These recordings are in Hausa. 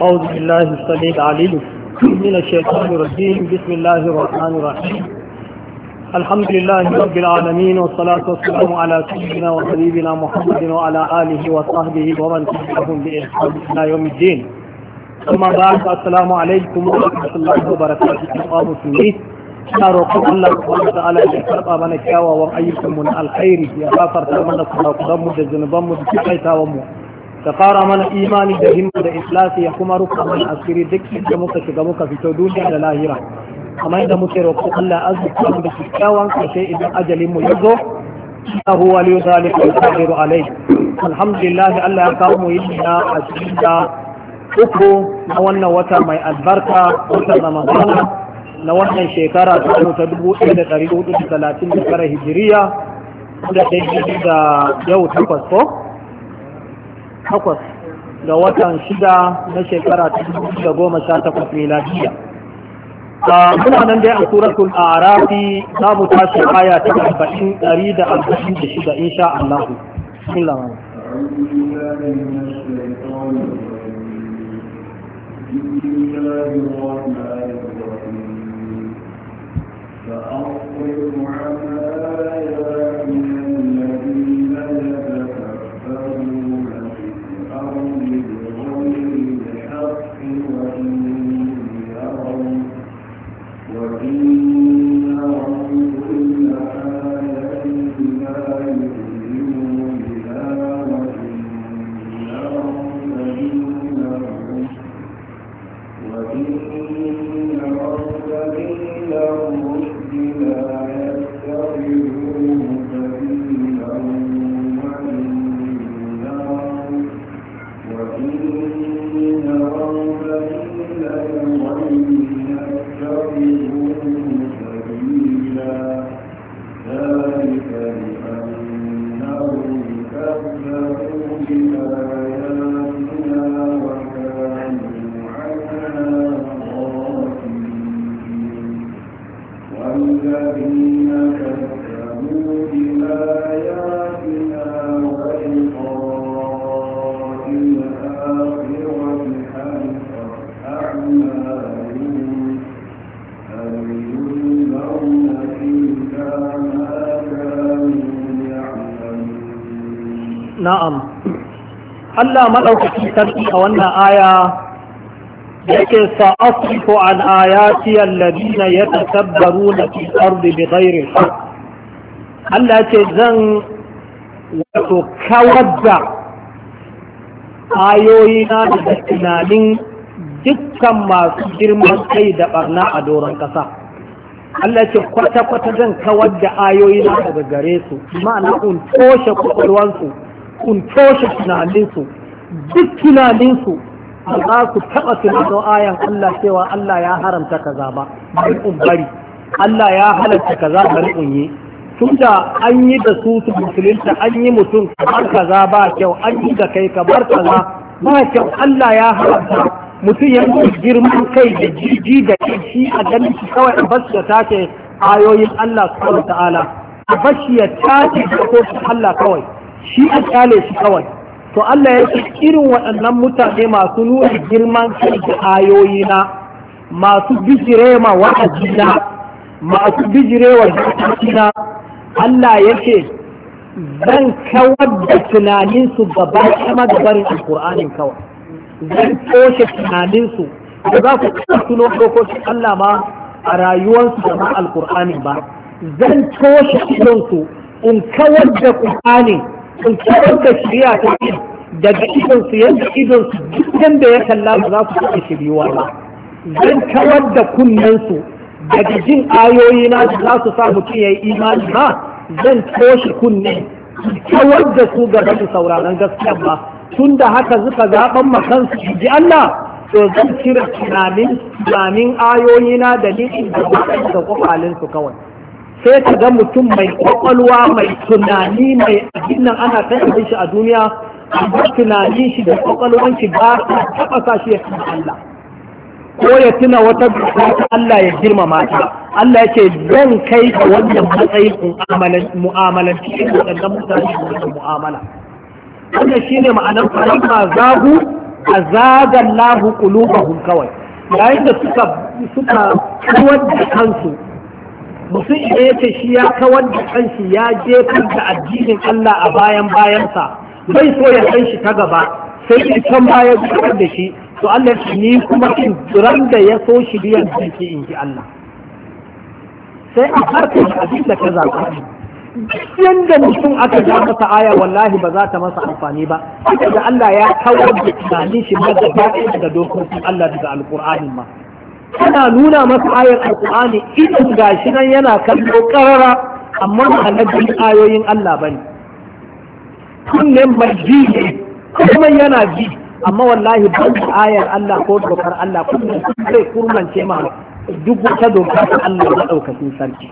أعوذ بالله السميع العليم من الشيطان الرجيم بسم الله الرحمن الرحيم الحمد لله رب العالمين والصلاة والسلام على سيدنا وحبيبنا محمد وعلى آله وصحبه ومن تبعهم بإحسان إلى يوم الدين ثم بعد السلام عليكم ورحمة الله وبركاته يا مسلمين ina roƙon Allah subhanahu ta'ala ya karɓa mana kyawawan ayyukanmu na alkhairi ya gafarta mana kurakuran mu da zunuban mu da kaitawan mu ka ƙara mana imani da himma da ikhlasi ya kuma rufa mana asiri duk inda muka shiga muka fito duniya da lahira kamar yadda muke roƙo Allah azza wa da kyakkyawan kashe idan ajalin mu yazo innahu waliyu zalika qadiru alayhi alhamdulillah Allah ya kawo mu yin a cikin uku na wannan wata mai albarka wata ramadana na wannan shekara ta ta dubu ɗaya da ɗari hudu da talatin da tara hijiriya da ta da yau takwas ko takwas ga watan shida na shekara ta goma sha takwas miladiya muna nan dai a suratul arafi za mu tashi aya ta arba'in ɗari da arba'in da shida sha Allah فأصبر على آياتنا Allah maɗaukaki sarki a wannan aya yake sa'asrifu an ayati alladina na fi ardi bighairi haqq Allah ce zan wato kawar da ayoyi na da tunanin dukkan masu girman kai da barna a doron ƙasa. Allah ce kwata-kwata zan kawar da ayoyi na daga gare su ma'ana un toshe kwakwalwansu un toshe tunaninsu duk tunaninsu ba za su taɓa tunanin ayan Allah cewa Allah ya haramta kaza ba bari in bari Allah ya halatta kaza bari in yi tunda an yi da su su musulunta an yi mutum kamar kaza ba kyau an yi da kai kamar kaza ba kyau Allah ya haramta mutum ya girman kai da jiji da shi a ganin shi kawai a basu da tace ayoyin Allah subhanahu wa ta'ala a bashi ya tace da Allah kawai shi a kyale shi kawai to Allah ya ce irin waɗannan mutane masu nuna girman kai da ayoyi na masu bijire ma wa'azi na masu bijire wa na Allah ya ce zan kawar da tunaninsu gaba kama da barin alkur'anin kawai zan toshe tunaninsu da za ku kasa tuno dokokin Allah ma a rayuwarsu da ma alkur'anin ba zan toshe su in kawar da Al-ƙur'ani. sun kawar da shirya ta daga idonsu yadda idonsu duk da ya kalla ba za su taɓa shiriwa ba zan kawar da kunnensu daga jin ayoyi na za su sa mutum ya yi imani ba zan toshe kunne kawar da su ga su sauraron gaskiya ba tun da haka suka zaɓan makansu ji Allah to zan cire tunanin ayoyi na da ni'in da da kwafalinsu kawai sai ka ga mutum mai kwakwalwa mai tunani mai nan ana ta abin shi a duniya amma tunanin shi da kwakwalwan shi ba ta taba sa shi ya tuna Allah ko ya tuna wata ta Allah ya girmama ta Allah ya ce zan kai ga wannan matsayin mu'amalan cikin waɗannan mutane da wannan mu'amala wannan shine ma'anar falamma zagu a Allahu qulubahum kawai yayin da suka suka kuwar da kansu mutum idan ya ce shi ya kawar da kanshi ya jefar da addinin Allah a bayan bayansa bai so ya san shi ta gaba sai in can baya zubar da shi to Allah shi ni kuma in ran da ya so shi biyan jiki in ji Allah sai a harkar abin da ka zaɓa yanda mutum aka ja masa aya wallahi ba za ta masa amfani ba da Allah ya kawar da tunanin shi ba da dokokin Allah daga alƙur'anin ma Ana nuna masa ayar alƙur'ani idan gashi nan yana kallo ƙarara amma alhaji ayoyin Allah bane kunnen mai ji ne kuma yana ji amma wallahi ban da ayar Allah ko dokar Allah kullum zai kurmance ma duk wata dokar Allah da daukakin sarki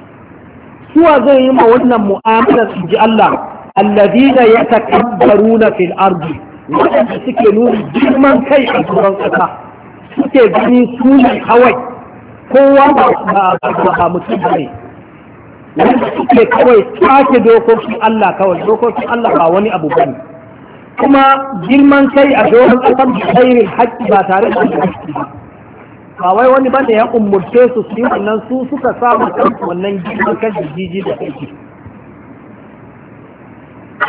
suwa zai yi ma wannan mu'amalar su ji Allah alladina yatakabbaruna fil ardi wanda suke nuna girman kai a duran kasa suke gani su ne kawai kowa ba ba mutum ba ne wanda suke kawai sake dokokin Allah kawai dokokin Allah ba wani abu ba ne kuma girman kai a doron ƙasar da kairin haƙƙi ba tare da haƙƙi ba ba wai wani ba ya umurce su su yi wannan su suka samu kansu wannan girman kan jiji da kai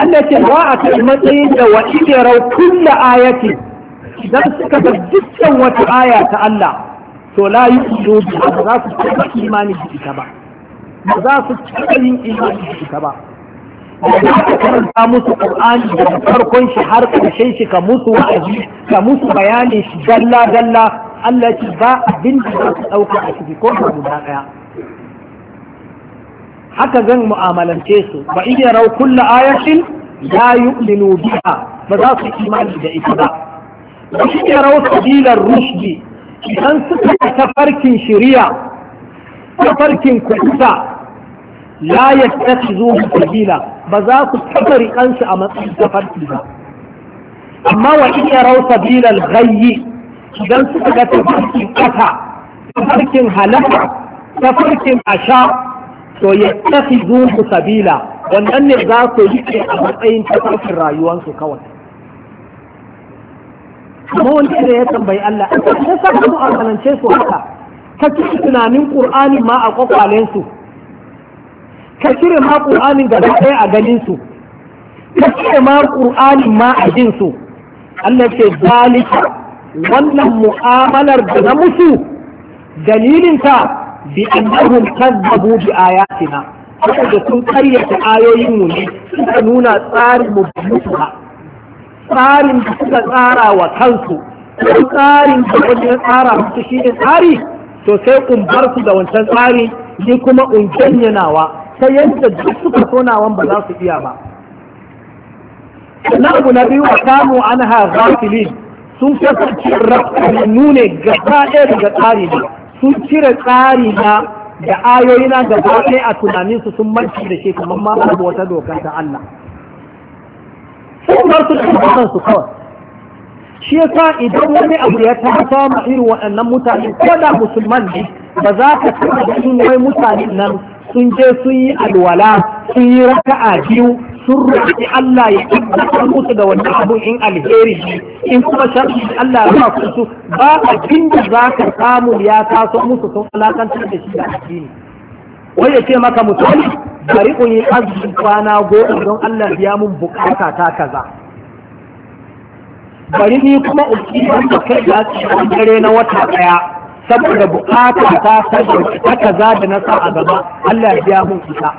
Allah ce ba a kai matsayin da wa idarau kunda ayatin idan suka ga dukkan wata aya ta Allah to la yi ido ba za su taɓa imani da ita ba ba za su taɓa yin imani da ita ba da za ka karanta musu Qur'ani daga farkon shi har ƙarshen shi ka musu wa'azi ka musu bayanin shi dalla dalla Allah ya ce ba abin da za su ɗauka a ciki ko da guda ɗaya haka zan mu'amalance su ba iya rau kulla ayatin la yu'minu biha ba za su imani da ita ba shi ya rau sabilar rushdi idan suka tafarkin shari'a tafarkin kusa la ya tafi zuwa sabila ba za ku tafari kansu a matsayin tafarki ba amma wa iya ya rau sabilar gayyi idan suka ga tafarkin kasa tafarkin ta farkin asha to ya tafi zuwa sabila wannan ne za su yi a matsayin ta tafarkin rayuwarsu kawai kuma wanda da ya tambayi Allah sai sa mu arsalance su haka ka cire tunanin Qur'ani ma a kwakwalen su ka cire ma Qur'anin gaba ɗaya a ganin su ka cire ma Qur'anin ma a jin su Allah ce zalika wannan mu'amalar da na musu dalilin ta bi annahum kazzabu bi ayatina saboda sun karyata ayoyin mu ne suka nuna tsarin mu musu ba tsarin da suka tsara wa kansu ko tsarin da wani tsara musu shi ne tsari to sai su da wancan tsari ni kuma in janyanawa sai yadda duk suka sonawan ba za su iya ba na abu na biyu a samu an ha zafilin sun kasance rafi nune gaba ɗaya daga tsari ne sun cire tsari na da ayoyi na gaba ɗaya a tunaninsu sun manci da shi kamar ma babu wata dokar ta Allah kar su ɗauki kansu kawai shi yasa idan wani abu ya ta samu irin waɗannan mutane ko da musulman ne ba za ka taɓa sun wai mutane nan sun je sun yi alwala sun yi raka'a biyu sun roƙi Allah ya tabbatar musu da wani abu in alheri in kuma sharri Allah ya ba su ba abin da za ka samu ya taso musu sun alakantar da shi da addini wai ya ce maka misali bari ku yi azumin kwana goma don Allah biya mun bukata ta kaza bari ni kuma uki da kai da su dare na wata daya saboda bukata ta ta kaza da na sa a gaba Allah biya mun kisa.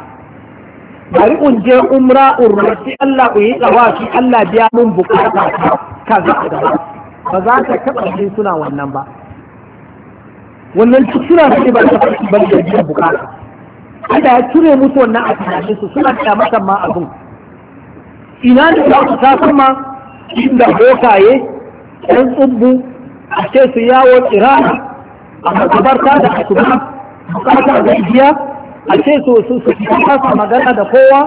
bari un je umra urrati Allah ku yi tsawaki Allah biya mun bukata ta kaza a gaba ba za ka taɓa jin suna wannan ba wannan suna su ba ta bari da biyan bukata Allah ya cire musu wannan a tunanin su suna kyamatan ma abun ina ne za su tafi ma inda bokaye ɗan tsubbu a ce su yawo tsira a makabarta da asuba bukata da biya a ce su su su kasa magana da kowa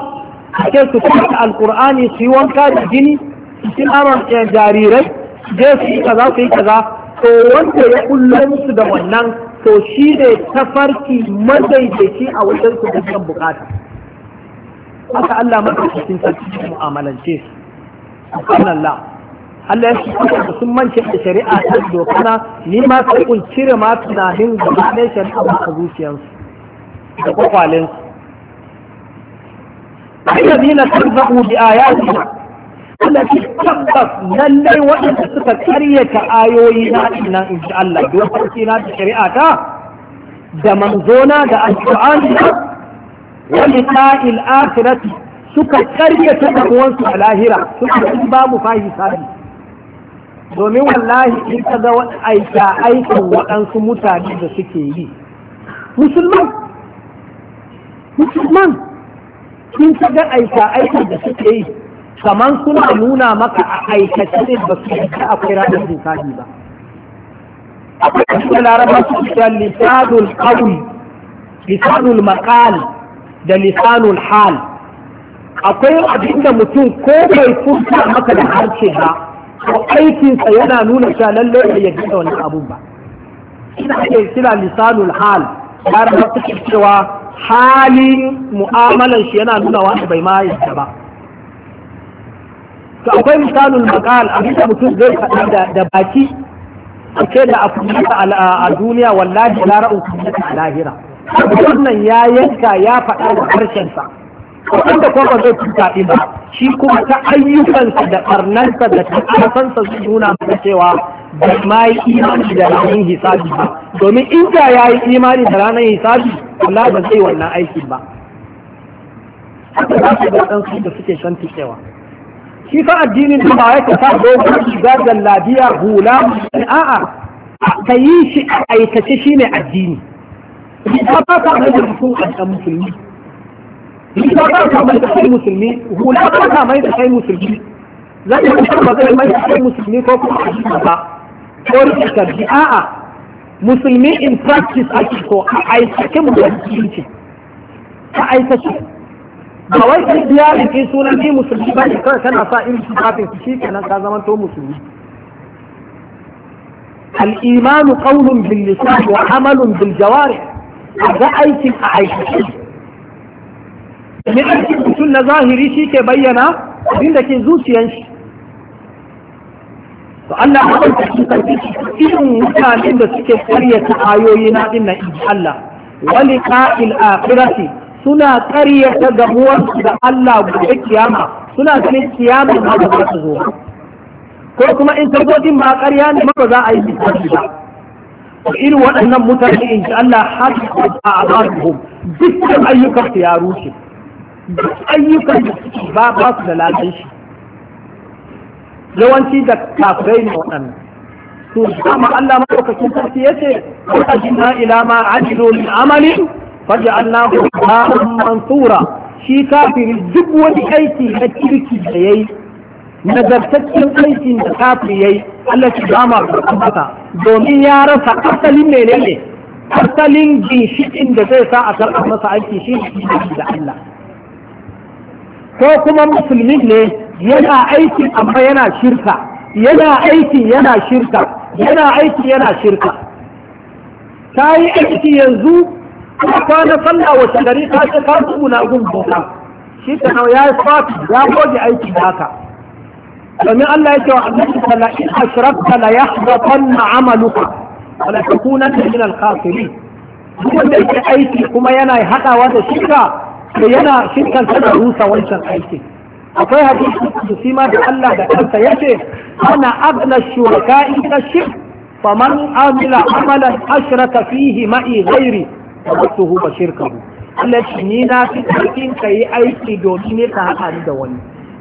a ce su kasa alkur'ani su yi wanka da jini su ci naman jarirai je su yi kaza su yi kaza to wanda ya kullum musu da wannan to shi ne tafarki madaidaici a wajen su dukkan bukata haka Allah madaukakin sarki da mu'amalance su subhanallah Allah ya shi da sun mance da shari'a ta dokana ni ma sai kun cire ma tunanin gaba ne shari'a ba a su, da su. kwakwalensu الذين كذبوا بآياتنا Allah ce tabbas lallai waɗanda suka karyata ayoyi na nan in ji Allah dokoki na da shari'a ta da manzona da alƙur'ani wani liqa'il akhirati suka karyata da uwansu a lahira suka ci babu fahi sabi domin wallahi in ka ga aika aikin waɗansu mutane da suke yi musulman musulman in ka ga aika aikin da suke yi kamar suna nuna maka a aikace ne ba su yi akwai ranar lissafi ba akwai cikin larabar su da lisanul qawl lisanul maqal da lisanul hal akwai abinda mutum ko bai furta maka da harshe ba ko aikinsa yana nuna cewa lallai bai yadda da wani abu ba ina ake kira lisanul hal larabar su cewa halin mu'amalan shi yana nuna wani bai ma yadda ba to akwai misalul maqal abin da mutum zai faɗi da baki a ce da a kunyata a duniya wallahi la ra'u kunyata a lahira wannan ya yanka ya faɗa da harshensa wanda kuma zai tuta ɗin ba shi kuma ta ayyukansa da ɓarnansa da ta'asansa su nuna masa cewa ba ma yi imani da ranar hisabi ba domin in da ya yi imani da ranar hisabi Allah ba zai wannan aikin ba haka za su ga ɗansu da suke shan tikewa shi fa addinin ba ya ka sa dogon shiga jallabiya hula a'a ka yi shi a aikace shi ne addini ba ba ka mai da mutum a ɗan musulmi ba ba ka mai da kai musulmi hula ba ka mai da kai musulmi za ka kusa ba zai mai da kai musulmi ko kuma a jima ba ko rikin karbi a'a musulmi in practice ake ko a aikace mu da musulunci a aikace ba wai ki biya ki sunan ni musulmi ba ne kawai kana sa irin tufafin su shikenan ka zama to musulmi al-imanu qawlun bil lisan wa amalun bil jawarih ga aikin a aikace ne aikin mutum na zahiri shi ke bayyana abin da ke zuciyan shi to Allah ya ɗauka shi karfi irin mutanen da suke karyata ayoyi na ɗin na Allah wali ka'il akhirati suna ƙaryata gamuwarsu da Allah gobe kiyama suna ganin kiyama ma ba za su zo ko kuma in sojojin ma ƙarya ne maka za a yi misali ba irin waɗannan mutane in ji Allah har a abaduhum dukkan ayyukan su ya rushe duk ayyukan da suke ba ba su da ladan shi yawanci da kafirai ne waɗannan to dama Allah madaukakin sarki yace wa ajna ila ma ajilu min amalin faja'alnahu ma'an mansura shi kafiri duk wani aiki na kirki da yayi nagartaccen aikin da kafiri yayi Allah shi ba ma masa domin ya rasa asalin menene asalin ginshikin da zai sa a karɓar masa aiki shi ne da Allah ko kuma musulmi ne yana aiki amma yana shirka yana aiki yana shirka yana aiki yana shirka ta yi aiki yanzu kuma kwana sallah wace gari ka ce ka tsuguna gun bauta shi ta nau ya yi fati ya goge aiki da haka domin Allah ya ce wa annabi sallallahu alaihi wasallam ashrakta la yahbatanna amaluka wa la takunanna min al-khasirin wanda yake aiki kuma yana hadawa da shirka da yana shirkan tana rusa wancan aiki akwai hadisi da shi ma da Allah da kansa yace ana agna shuraka'i ka shirk faman amila amalan ashraka fihi ma'i ghairi tabbatuhu ba shirkahu Allah shi ni na fi cikin ka yi aiki domin ne ka haɗa ni da wani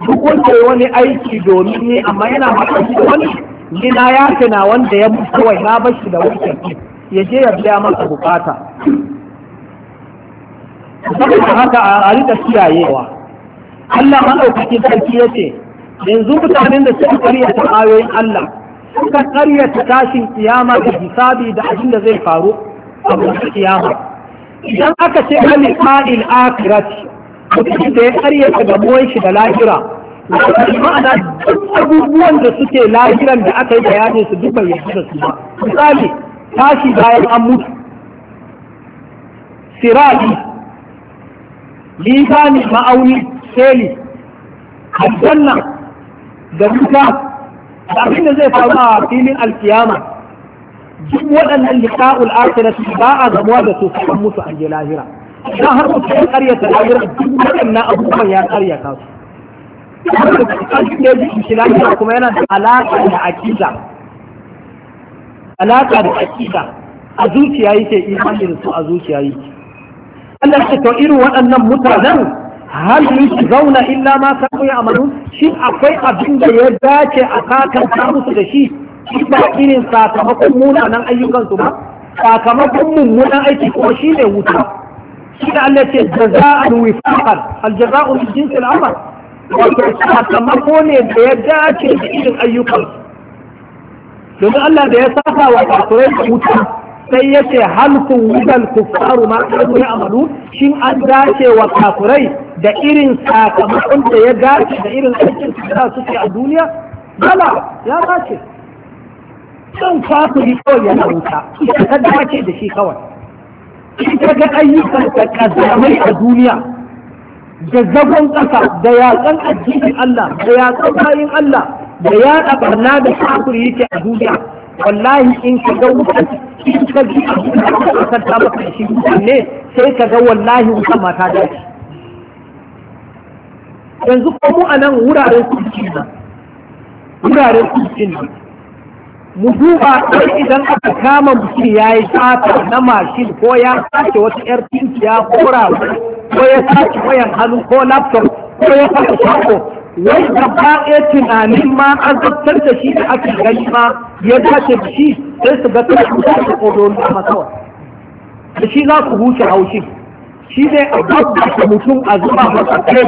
duk wanda ya wani aiki domin ne amma yana haɗa da wani ni na ya na wanda ya mutu kawai na bashi da wani kyakki ya je ya biya masa bukata saboda haka a rika kiyayewa Allah maɗaukakin sarki ya ce yanzu mutanen da suka ta ayoyin Allah suka ta tashin kiyama da hisabi da abin da zai faru a kiyama idan aka ce ali akirat akhirat mutum da ya karye karyata gamuwan shi da lahira ma'ana duk abubuwan da suke lahiran da aka yi bayanin su duk bai yarda su ba misali tashi bayan an mutu sirali lisani ma'auni seli aljanna da wuta da abin abinda zai faru a filin alkiyama duk waɗannan liqa'ul akhirati ba a gamuwa da su kan mutu an je lahira idan har mutu ya karyata lahira duk waɗannan abubuwan ya karyata su ƙarfin da ya shi lahira kuma yana da alaƙa da akida alaƙa da akida a zuciya yake imani da su a zuciya yake Allah ya to irin waɗannan mutanen hal zauna illa ma kanu ya amalu shin akwai abin da ya dace a kakan musu da shi shi ba irin sakamakon munanan ayyukansu ba sakamakon mummunan aiki kuma shi ne wuta shi da Allah ce jaza'an wifaqan aljaza'u min jinsil amal wato sakamako ne da ya dace da irin ayyukan domin Allah da ya saka wa kafirai da wuta sai ya ce halkun wutal kuffaru ma kanu ya amalu shin an dace wa kafirai da irin sakamakon da ya dace da irin aikin da suke a duniya bala ya dace son kafiri kawai yana wuta ita ta dace da shi kawai ita ga ayyukan da kazamai a duniya da zagon ƙasa da yaƙan addinin Allah da yaƙan bayin Allah da yaɗa barna da kafiri yake a duniya wallahi in ka ga wuta in ka ji a duniya ta maka shi ne sai ka ga wallahi wuta mata dace yanzu ko mu a nan wuraren kuɗi wuraren mu duba sai idan aka kama mutum ya yi sata na mashin ko ya sace wata yar tinki ya rawa ko ya sace wayan hannu ko laptop ko ya fara shago wai gaba ɗaya tunanin ma an zartar da shi da ake gani ma ya dace da shi sai su ga kai su sace kodon da masawa da shi za ku huce haushi shi ne a da mutum a zuba masa kai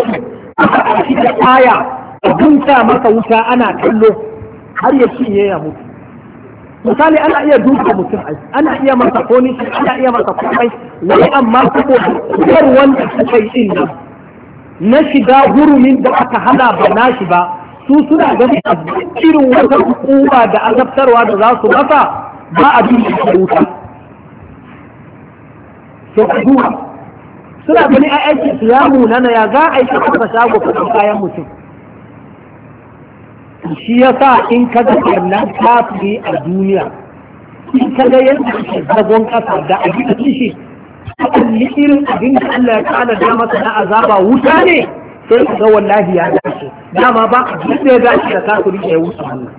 aka ɗauki da aya a dunta masa wuta ana kallo har ya cinye ya mutu misali ana iya duka mutum ai ana iya masa koni ana iya masa komai wai amma saboda kuwar wanda suka yi din nan na shiga hurumin da aka hana ba na shi ba su suna ganin irin wata hukuma da azabtarwa da za su masa ba a bin da wuta to duba suna ganin ai aikin su ya munana ya za a yi kafa shago kasan kayan mutum shi ya sa in ka ga ɓarnan kafiri a duniya in ka ga yadda ake zagon ƙasa da abin da shi kalli irin abin da Allah ya kana da masa na azaba wuta ne sai ka ga wallahi ya dace dama ba a duk da ya dace da kafiri ya wuce wannan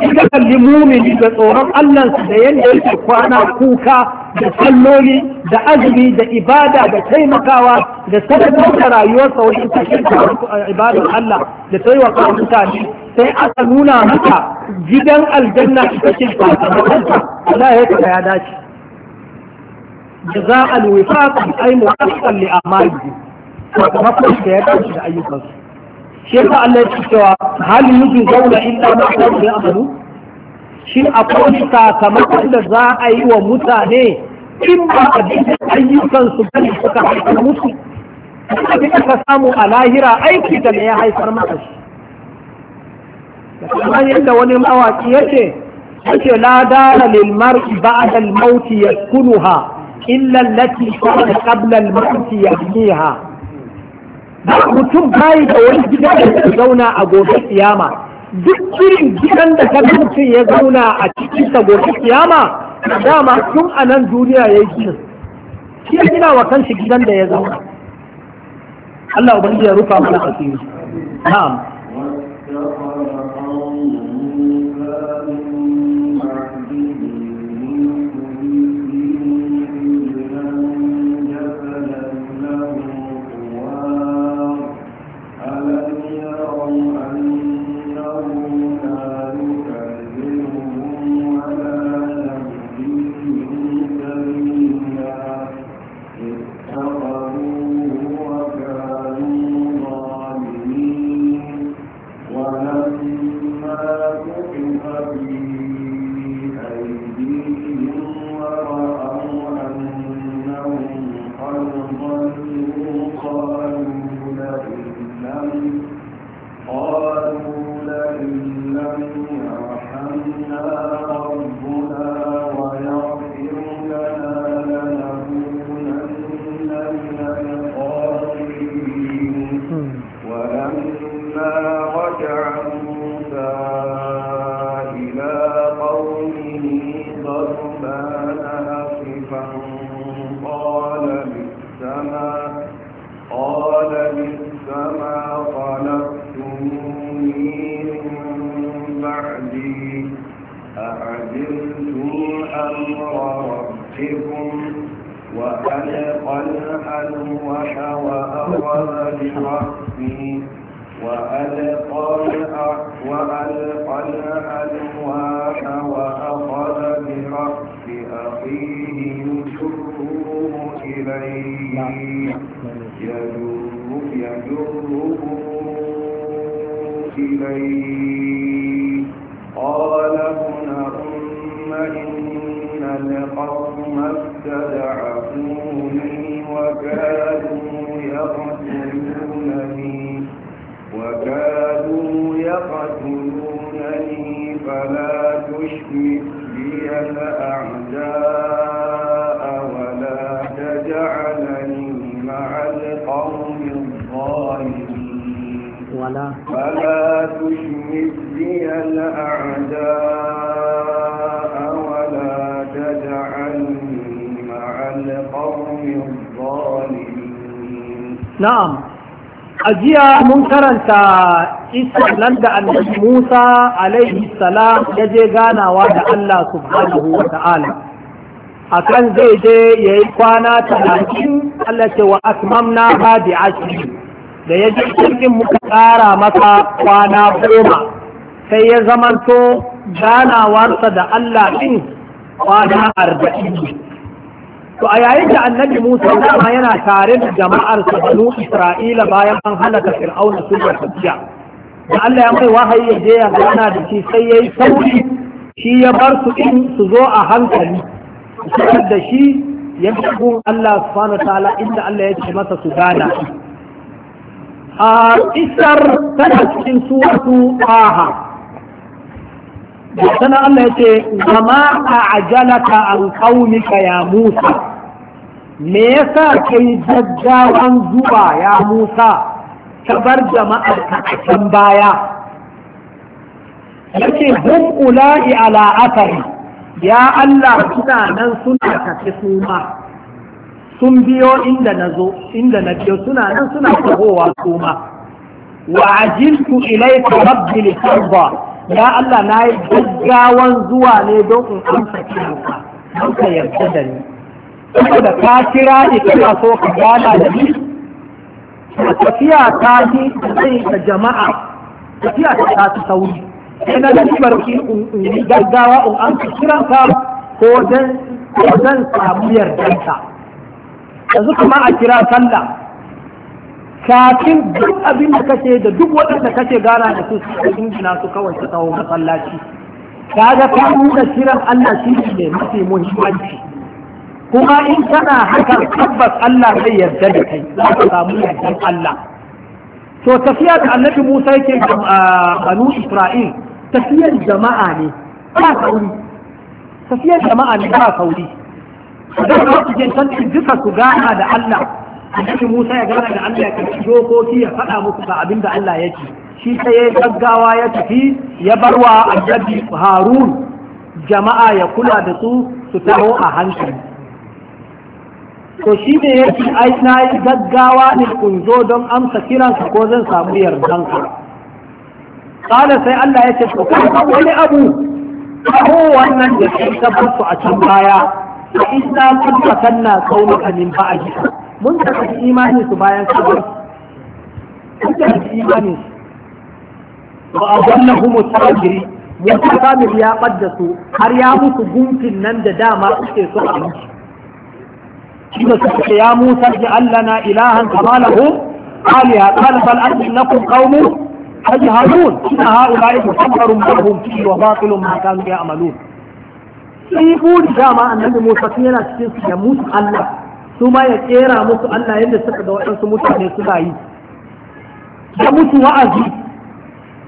in ka kalli mumini da tsoron Allahnsa da yadda yake kwana kuka da salloli da azumi da ibada da taimakawa da sadakar da rayuwarsa wajen tashin ibadar Allah da taimaka mutane sai aka nuna maka gidan aljanna ita ce sakamakonta Allah ya kaya ya dace jaza'al wifaqan ay muwaffaqan li amalihi sakamakon da ya dace da ayyukansu shi yasa Allah ya ce cewa hal yuzu zaula illa ma kanu ya'malu shin akwai sakamakon da za a yi wa mutane in ba a bi ayyukan su bane suka haifar musu abin da ka samu a lahira aiki da ya haifar maka shi kamar yadda wani mawaki yace yace la dara lil mar'i ba'da al-maut yaskunuha illa allati kana qabla al-maut yahmiha mutum bayi da wani gida da ya zauna a gobe kiyama duk irin gidan da ka mutum ya zauna a cikin sa gobe kiyama dama tun a nan duniya ya yi gina shi ya gina wa kanshi gidan da ya zauna Allah ubangiji ya rufa mana asiri na'am Na'am, a jiya mun karanta nan da annabi Musa alaihi salam ya je ganawa da Allah subhanahu wa ta'ala akan zai je ya yi kwana talatin Allah ce wa asmamna ha bi ashri da ya je cikin muka tsara masa kwana goma sai ya zamanto ganawarsa da Allah ɗin kwana arba'in to a yayin da annabi Musa dama yana tare da jama'ar sa banu Isra'ila bayan an halaka Fir'auna su da tafiya da Allah ya mai wahayi ya je ya gana da shi sai yayi sauri shi ya bar su in su zo a hankali su da shi ya gun Allah subhanahu ta'ala inda Allah ya ce masa su gana a isar tana cikin suratu Taha sannan Allah ya ce kama a ajalaka an kaunika ya Musa me yasa yi gaggawan zuwa ya Musa ta bar jama'ar a can baya Ya ce hun ula'i ala ya Allah suna nan suna tafi suma sun biyo inda na zo inda na biyo suna nan suna tahowa suma wa ajiltu ilayka rabbi li tarda ya Allah na yi gaggawan zuwa ne don in amsa kiranka don ka yarda da ni saboda ka kira ni kana so ka gana da ni tafiya ta jama'a tafiya ta ta ta sauri sai na gani barki in yi gaggawa in amsa kiranka ko dan ko dan samu yardanka yanzu kuma a kira sallah kafin duk abin da kace da duk waɗanda kace gana da su su ingina su kawai su kawo masallaci kaga ka nuna kiran Allah shi ne mafi muhimmanci kuma in kana haka tabbas Allah zai yarda da kai za ka samu yardan Allah to tafiya da annabi Musa yake a Banu Isra'il tafiyar jama'a ne ba sauri tafiyar jama'a ne ba sauri da su je duka su gana da Allah annabi Musa ya gana da Allah ya karɓi dokoki ya faɗa musu ga abin da Allah ya ce shi sai ya gaggawa ya tafi ya barwa annabi Harun jama'a ya kula da su su taho a hankali to shi ne ya ce ai na yi gaggawa ne kun zo don amsa kiransa ko zan samu yardan ka kala sai Allah ya ce to wani abu ko wannan da kai ka su a can baya fa inna kun sanna qaulaka min ba'dika mun karɓi imanin su bayan kabar mun karɓi imanin su ba a wannan humu tsagiri musa kamil ya ɓadda su har ya musu gunkin nan da dama suke so a musu shi da suka ce ya musa ji allah na ilahan kama lahu aliya qala bal annakum qaumun tajhalun inna ha'ula'i mutabbarun lahum fi wa batilun ma kanu ya'malun sai buri dama annabi musa yana cikin su ya musu allah su ma ya kera musu Allah yadda suka ga waɗansu mutane suka yi ya mutu wa'azi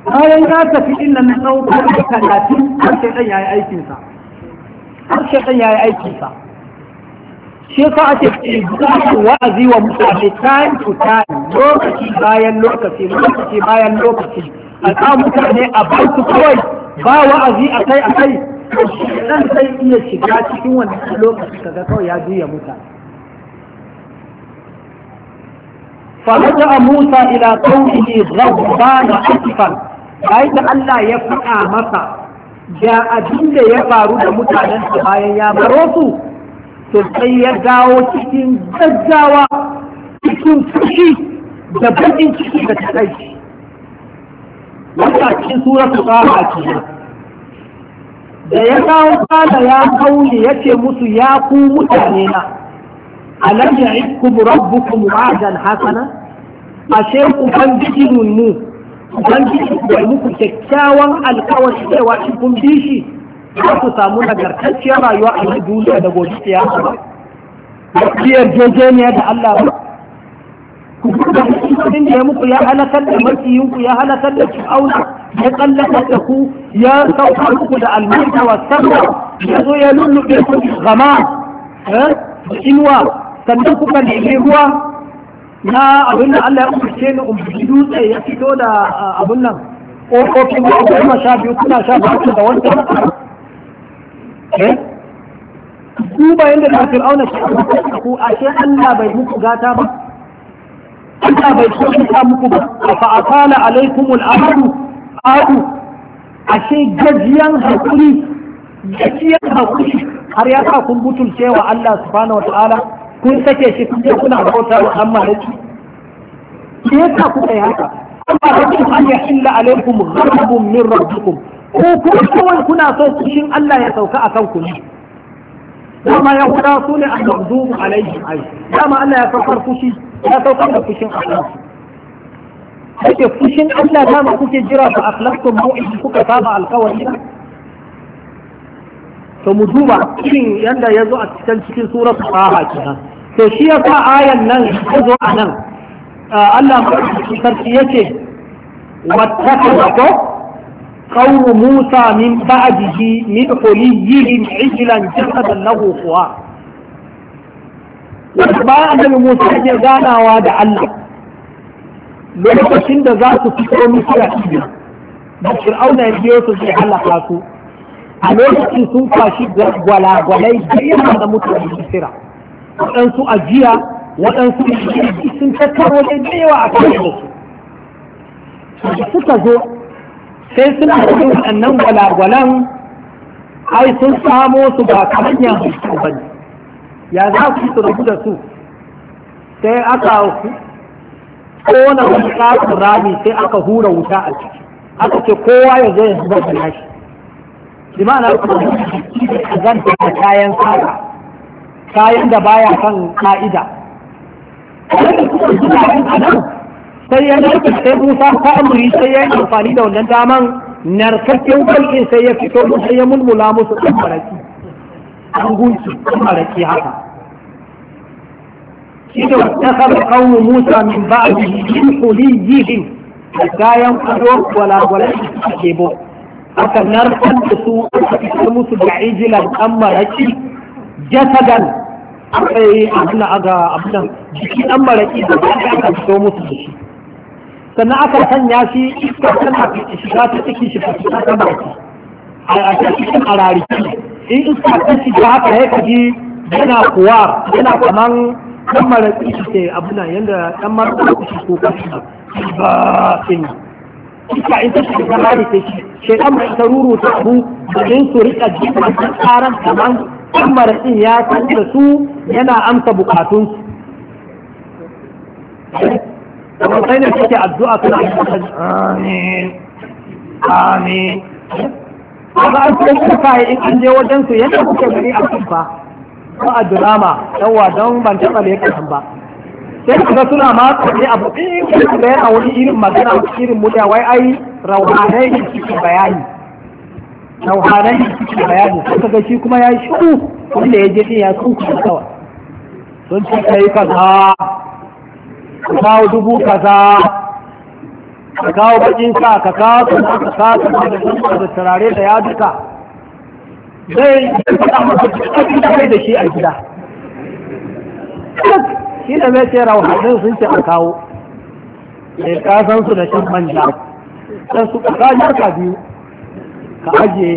bayan ya tafi inda na ɗaukar da talatin har shaidan ya yi aikinsa har shaidan ya yi aikinsa shi yasa ake ce wa'azi wa mutane time to time lokaci bayan lokaci lokaci bayan lokaci al'a mutane a bar su kawai ba wa'azi a kai a kai dan sai iya shiga cikin wannan lokaci kaga kawai ya juya mutane فرجع موسى الى قومه غضبان اسفا أي الله يفقى مسا جاء أبين يفارو لمتعنا سبايا يا مروسو تلقي يدعو تكين جزاوة تكين فشي دبجين تكين بتعيش وقت cikin suratu ƙara kenan da ya kawo kada ya kauli ya ce musu ya ku mutane na alam ya'ikum rabbukum wa'dan hasana ashe ubangijin mu ubangiji da muku kyakkyawan alkawari cewa in kun bi shi za ku samu nagartacciyar rayuwa a duniya da gobe kiyama ba biyar jejeniya da Allah ba ku da cikin da ya muku ya halakar da makiyin ku ya halakar da fir'auna ya tsallaka da ku ya sauka muku da almanta wa sabba ya zo ya lullube ku gama eh inuwa sannan da ibe ruwa na abin da Allah ya umarce ni umarci dutse ya fito da abin nan ƙofofin ruwa kuma sha biyu kuna sha biyu da wancan duba eh? yadda da auna shi ku ashe Allah bai muku gata ba Allah bai so ta muku ba fa asala alaikum Al'adu adu ashe gajiyan hakuri gajiyan hakuri har ya sa kun butulce wa Allah subhanahu wa ta'ala kun sake shi kun ce kuna bauta wa amma da Ki me yasa kuka yi haka amma da ku an ya illa alaikum ghadabun min rabbikum ko kuma kawai kuna so fushin Allah ya sauka akan ku ne dama ya kuda su ne an magdubu alaihim ai dama Allah ya saukar fushi ya saukar da fushin Allah kake fushin Allah dama kuke jira fa akhlaqtum mu'id kuka saba alqawli to mu duba cikin yadda ya zo a cikin cikin surar faha kenan to shi ya sa ayan nan ya zo a nan Allah sarki ya ce wattaka ko qawmu Musa min ba'dihi min huliyyin ijlan jasadan lahu kuwa wanda bayan annabi Musa ya ganawa da Allah lokacin da za su fito musu da Fir'auna ya biyo su zai halaka su a lokacin sun kwashi gwalagwalai da da na mutane waɗansu ajiya waɗansu sun tattaro da yawa a kan da su suka zo sai suna da waɗannan gwalagwalan ai sun samo su ba kamar ya mai ba ne ya za su su rabu da su sai aka kona wani ƙasar rami sai aka hura wuta a ciki aka ce kowa ya zo ya zuba da nashi imana zan da kayan saka kayan da baya kan ka'ida sai ya narka sai musa ta amuri sai ya yi amfani da wannan daman narkakken kwalkin sai ya fito da sai ya mulmula musu ɗan maraki an gunki ɗan maraki haka shi da wata kawo musa min ba yi kuliyihim da kayan kwalwar gwalagwalar da ke bo aka narkar da su aka isa musu da ijilan ɗan maraƙi jasadan aka yi abin aga abin jiki ɗan maraƙi da aka fito musu da shi sannan aka sanya shi iska tana shiga ta ciki shi ta ta baki a cikin rariki in iska ta shiga haka ya kaji yana kuwa yana kaman ɗan maraƙi ke abin yadda ɗan maraƙi shi ko kashi ba ɗin iska in ta shiga hari ta shi shaitan mai ta ruruta abu domin su rika jikin a tsaran kaman kamar ɗin ya san da su yana amsa bukatunsu Kuma sai da suke addu'a suna yi amin amin Kuma an san kuka in an je wajen su yadda kuke gani a kan ba ko a drama yawa don ban taɓa da ya kasan ba sai ka ga suna ma tsaye abu sai eh, ka yana wani irin magana wani irin murya wai ai rauhanai ne cikin bayani rauhanai ne cikin bayani sai ka ga shi kuma ya yi shiru wanda ya je ya tsuka kawai sun ce kai kaza ka kawo dubu kaza ka kawo bakin sa ka kawo kuma ka kawo kuma da kuma da turare da ya duka zai yi masa da shi a gida shi da zai wa rauhadin sun ce a kawo sai ya su da shan manja sai su ka ka biyu ka ajiye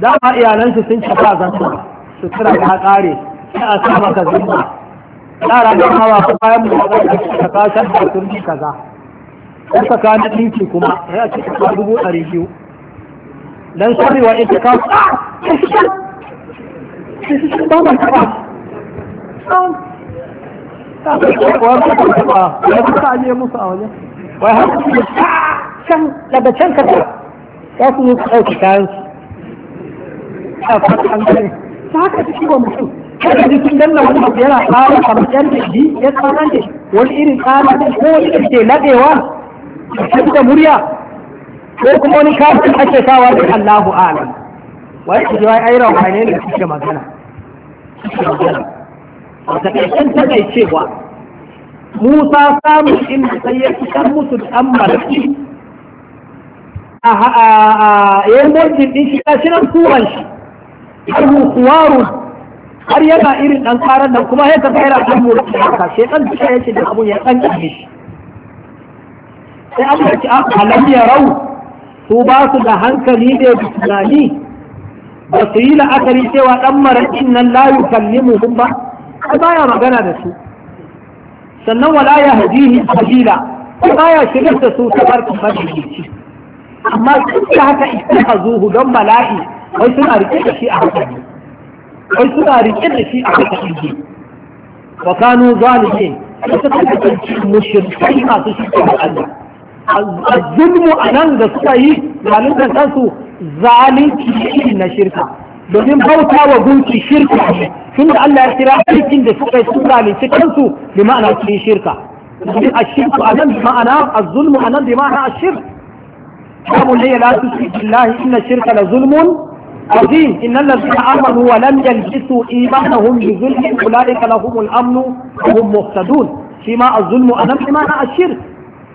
dama iyalansu sun ce ba zan su kira ka kare sai a sa maka zuma yara da hawa su bayan mu ka kasar da turmi kaza ko ka kana dinki kuma sai a ce ka dubu ɗari biyu dan ita ka ba ya fi sa'aje musu a wajen wai har su can daga can ka ya su yi ɗauki kayan su a fatan gare ta haka ta shigo mutum kada ji sun danna wani abu yana tsara kamar yan daji ya tsara ne wani irin tsara ne ko wani irin ke laɗewa a da murya ko kuma wani kafin ake sawa da Allahu alam wai ji wai ai rawhane ne suke magana suke magana a takaicen takaicewa musa samun inda sai ya fitar musu da an malaki a yayin mulkin din shi ta shirin turan shi har hukuwaru har yana irin ɗan karar nan kuma ya ka fara ɗan mulki a kashe ɗan duka ya ce da abun ya ɗan ƙarfi shi sai an mulki a halam ya rau su ba su da hankali da tunani ba su yi la'akari cewa ɗan maraƙin nan layu kallimu ba ai baya magana da su sannan wala ya hadihi sabila ai baya shigar da su ta barkin mabiyici amma duk da haka zuhu don mala'i. wai suna rike da shi a hankali wai suna rike da shi a hankali wa kanu zalimin suka kasance mushrikai masu shirka da Allah الظلم أنا بسعي ظالم تنسو ظالم na نشركه domin bauta wa gunki shirka ne tunda Allah ya kira aikin da suka yi sun zalunci kansu bi ma'ana cikin shirka domin a shirku a nan bi ma'ana a zulmu a nan bi ma'ana a shirk kamun ne ya lasu su billahi inna shirka la zulmun عظيم إن الذين آمنوا ولم يلبسوا إيمانهم بظلم أولئك لهم الأمن وهم مهتدون فيما الظلم أنا a الشرك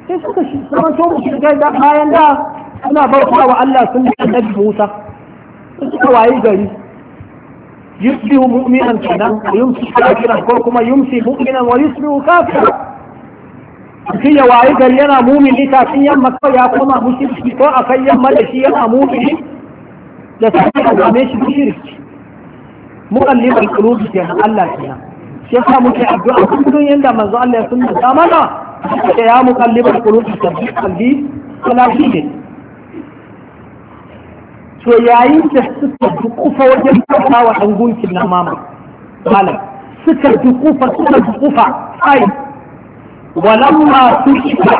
sai suka shi zama so mu shiga da bayan da suna bauta wa Allah sun da annabi Musa in suka wayi gari yusbi mu'minan kenan wa yumsi kafiran ko kuma yumsi mu'minan wa yusbi kafiran mutum ya wayi gari yana mumini kafin yamma kawai ya koma mushriki ko a kan yamma da shi yana mumini da sai ka game shi mushriki muqallibul qulubi kenan Allah nan, shi yasa muke addu'a kullun yanda manzo Allah ya sunna ta mana ya muqallibul qulubi tabbit qalbi shi ne to yayin da suka dukufa wajen kafa wa gunkin na mama malam suka dukufa suka dukufa ai walamma shiga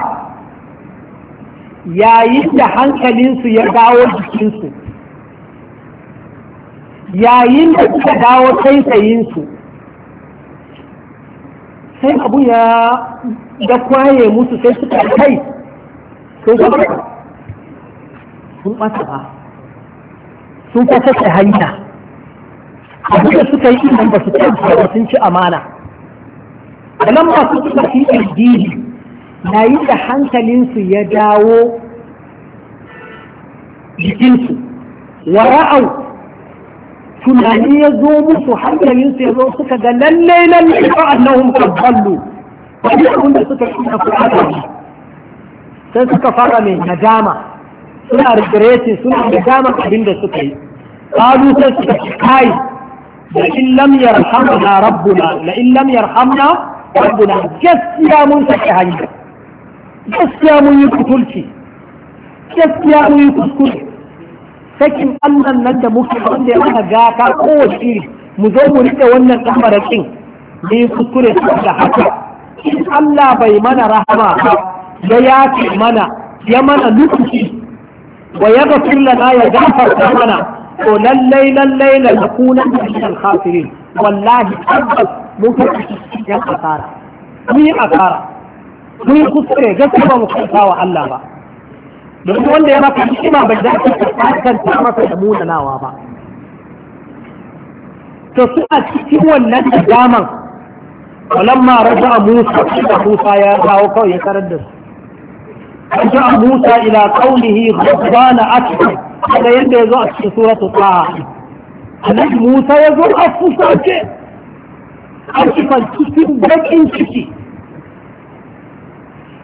yayin da hankalinsu ya dawo jikinsu yayin da suka dawo taisayinsu sai abu ya da kwaye musu sai suka kai sun ɓata ba sun fa sake hanya abu da suka yi idan ba su canza ba sun ci amana nan su suka fi addini na yi da hankalinsu ya dawo jikinsu wara'au tunani ya zo musu hankalinsu ya zo suka ga lalle lalle ba annahum kabballu wani abin da suka yi na fara ne sai suka fara mai nadama suna regretin suna nadama abin da suka yi قالوا تسكاي لئن لم يرحمنا ربنا لئن لم يرحمنا ربنا جسيا من سكهانيا جسيا من يقتلتي جسيا من يقتلتي sakin Allah nan da muke wanda ya aka gata kowace mu zo mu rike wannan ɗanbarakin ne kuskure da haka in Allah bai mana rahama ya yace mana ya mana lukuki wa ya gafir lana ya gafarta mana to lallai lallai la nakuna min al-khasirin wallahi tabbas mun kasance cikin asara mun yi asara mun yi kuskure gaskiya ba mu kanta wa Allah ba domin wanda ya maka ni'ima bai za ka kanta masa da munanawa ba to su a cikin wannan da daman walamma raja Musa da Musa ya kawo kawai ya karar da su رجع موسى إلى قوله غضبان أكثر هذا يبدأ يزوء في سورة طه a موسى يزوء أفساك أكثر كسب بكين كسي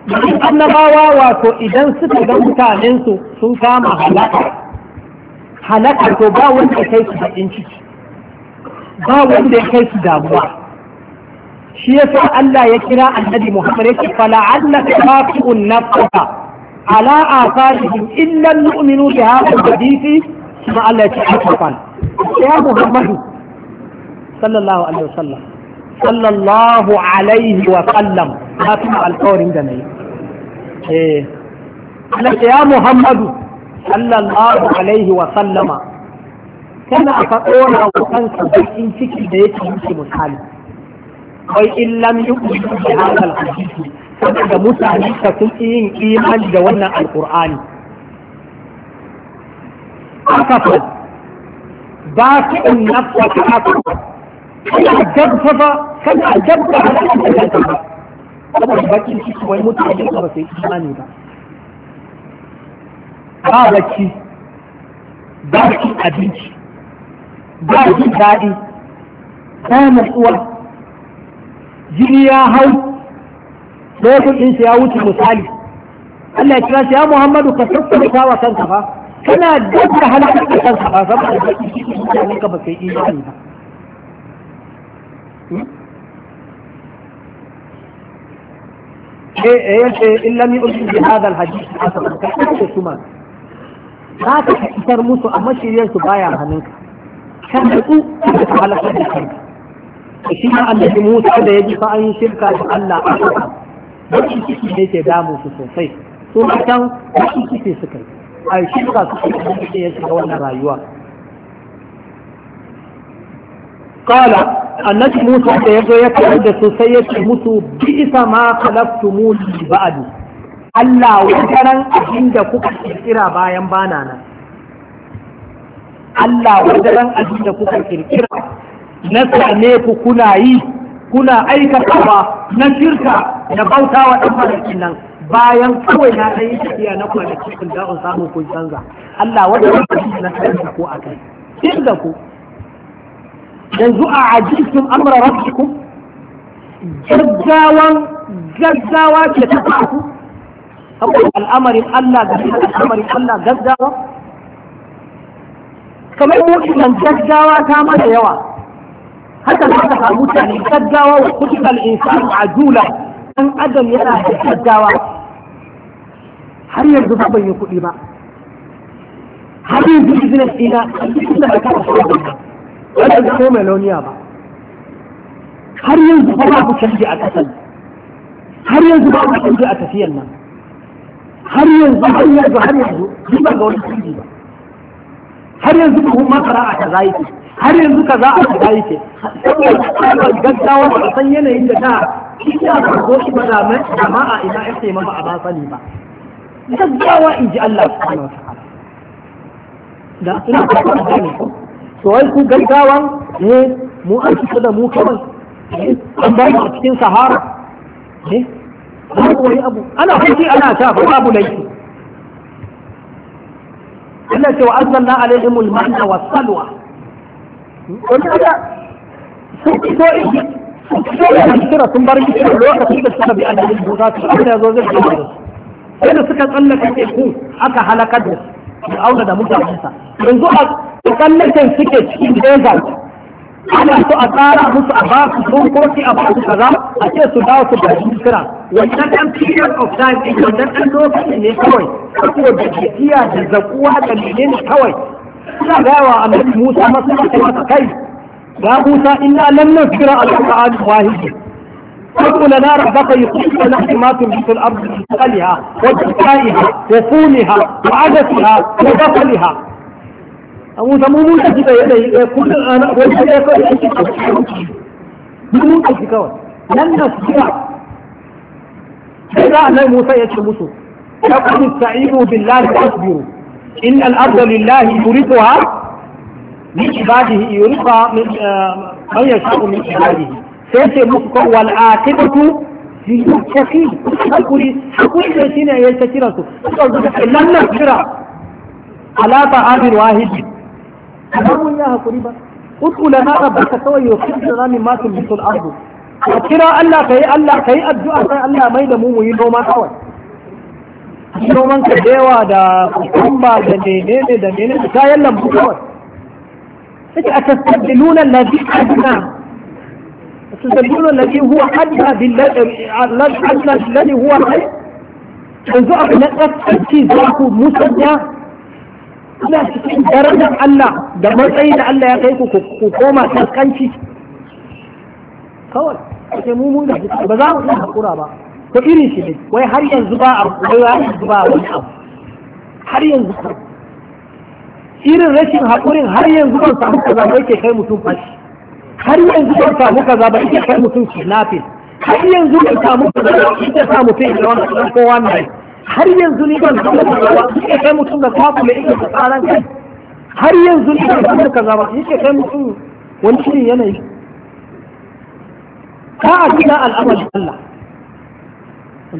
Domin annabawa wato idan suka ga mutanensu sun kama halaka, halaka to ba wanda ya kai su baƙin ciki, ba wanda ya kai su damuwa. shi yasa Allah ya kira annabi Muhammad yake fala'allaka tafi'un nafsaka ala asarihim illa nu'minu bi hadha al-hadith kuma Allah ya ce afan ya Muhammad sallallahu alaihi wasallam sallallahu alaihi wa sallam na kuma alƙawarin da nayi eh Allah ya Muhammadu sallallahu alaihi wa sallama kana aka ƙona wa kanka bakin ciki da yake yake misali wai in lam yu'minu bi hadal hadisi saboda mutane ka sun yin imani da wannan alqur'ani haka fa ba ki in nafsa ka haka kana jabta ba kana jabta da saboda wai mutane ba su imani ba ba bacci ba cin abinci ba jin daɗi ba natsuwa jini ya hau lokacin ɗinsa ya wuce misali Allah ya kira shi ya Muhammadu ka tattauta wa kanka fa kana dabba halakar da kanka fa saboda da kake cikin ka ba kai imani ba ايه ايه ان لم يؤمن بهذا الحديث حسنا كيف تسمع ذاك كثر موسى اما شيء يسبايا هنك كان يقول على كل حاجه shi ma annabi Musa da ya ji fa an shirka da Allah a haka wani ciki ne ke damu su sosai can wani ciki suka yi a shirka su ya shiga wannan rayuwa kala Musa da ya zo ya kawar da su sai ya bi isa ma Allah wajaran bayan bana nan Allah wajaran da kuka kirkira na same ku kuna yi kuna aika kawa na shirka da bauta wa ɗan farkin nan bayan kawai na ɗan yi tafiya na kwanaki kun da'un samun kun canza Allah wanda ya fi na sanin ko a kai tun da ku yanzu a ajiyar amra rabbikum gaggawan gaggawa ke ta ku saboda al'amarin Allah da al'amarin Allah gaggawa kamar mu nan gaggawa ta mata yawa haka za ka samu mutane gaggawa wa kutukal a ajula dan adam yana da gaggawa har yanzu ba ban yi kuɗi ba har yanzu business ina ina da kafa shi ba wanda da ko meloniya ba har yanzu ba ku canji a ƙasar har yanzu ba ku canji a tafiyar nan har yanzu har yanzu har yanzu ba ga wani canji ba har yanzu ba buhun masara a kaza yake har yanzu ka za a shiga yake saboda gaggawa ba san yanayin da ta shi ya zo shi ba da ma a ina ya ce masa a ba sani ba gaggawa in ji Allah subhanahu wataala da ina ta fara ne to wai ku gaggawa eh mu an fita da mu kawai eh, an ba mu cikin sahara eh babu wani abu ana hukunci ana ta babu laifi Allah ce wa anzalna alaihimul manna was salwa sun fito sun fito sun bar misira lokacin da suka bi annabi Musa su Allah ya zo zai fito da sai da suka tsallaka teku aka halakar da su auna da mutanensa yanzu a tsallaken suke cikin desert ana so a tsara musu a basu dokoki a basu kaza a ce su dawo su gaji kira wannan ɗan period of time ɗin wannan ɗan lokaci ne kawai saboda gajiya da zakuwa da menene kawai لا عن موسى ما سمعت ما تكيف يا موسى إنا لن نذكر القرآن الواحد ربنا لا ربك يقول نحن ما في الأرض بحقلها وذكائها وفونها وعدسها وبطلها موسى مو موسى كده يدي كل أنا وجهك يدي لن نذكر لا لا موسى يتشمسوا لقد استعينوا بالله فاصبروا إن الأرض لله يورثها من عباده يورثها من آه، من يشاء من عباده سيسي مصدر والعاقبة للمتقين حقولي حقولي سيسين يستكيرا لم نكبر على طعام واحد أمام إياها قريبا ادعو لنا ربك كوي يخرج لنا مما تنبت الأرض وكرا ألا كي الله كي أدعو الله ما يدمو وينهما كوي noman kabewa da kumba da menene da menene ta yallan bukuwar suke a tasabbilunan lafi adna nuna lafi huwa adna billahi huwa hai yanzu abu na tsarki za ku musanya ina cikin darajar Allah da matsayin da Allah ya kai ku ku koma tsarkanci kawai sai mu mun ba za mu yi hakura ba to irin shi ne wai har yanzu ba a wai har yanzu ba wani abu har yanzu irin rashin haƙurin har yanzu ban samu kaza ba yake kai mutum fashi har yanzu ban samu kaza ba yake kai mutum kidnapping har yanzu ban samu kaza ba yake sa mutum ya wani kaza ko wani har yanzu ni ban samu kaza ba yake kai mutum da kafu mai yake tsaran kai har yanzu ni ban samu kaza ba yake kai mutum wani shirin yanayi ka a cikin al'amarin Allah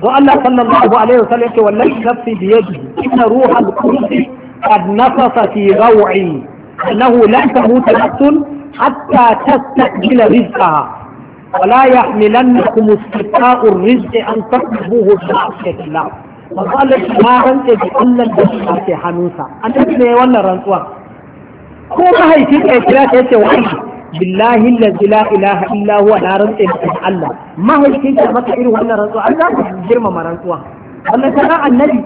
قال صلى الله عليه وسلم والذي نفسي بيده ان روح القدس قد نفث في روعي انه لا تموت نفس حتى تستأجل رزقها ولا يحملنكم استبقاء الرزق ان تطلبوه بمعصية الله وقال ما انت الا البشرات حنوسا انا ابني ولا رنتوا هو ما هي في الاعتراف يا billahi allazi la ilaha illa huwa la rantsa da Allah mahaifin ka maka irin wannan rantsuwa Allah girmama rantsuwa wannan kana annabi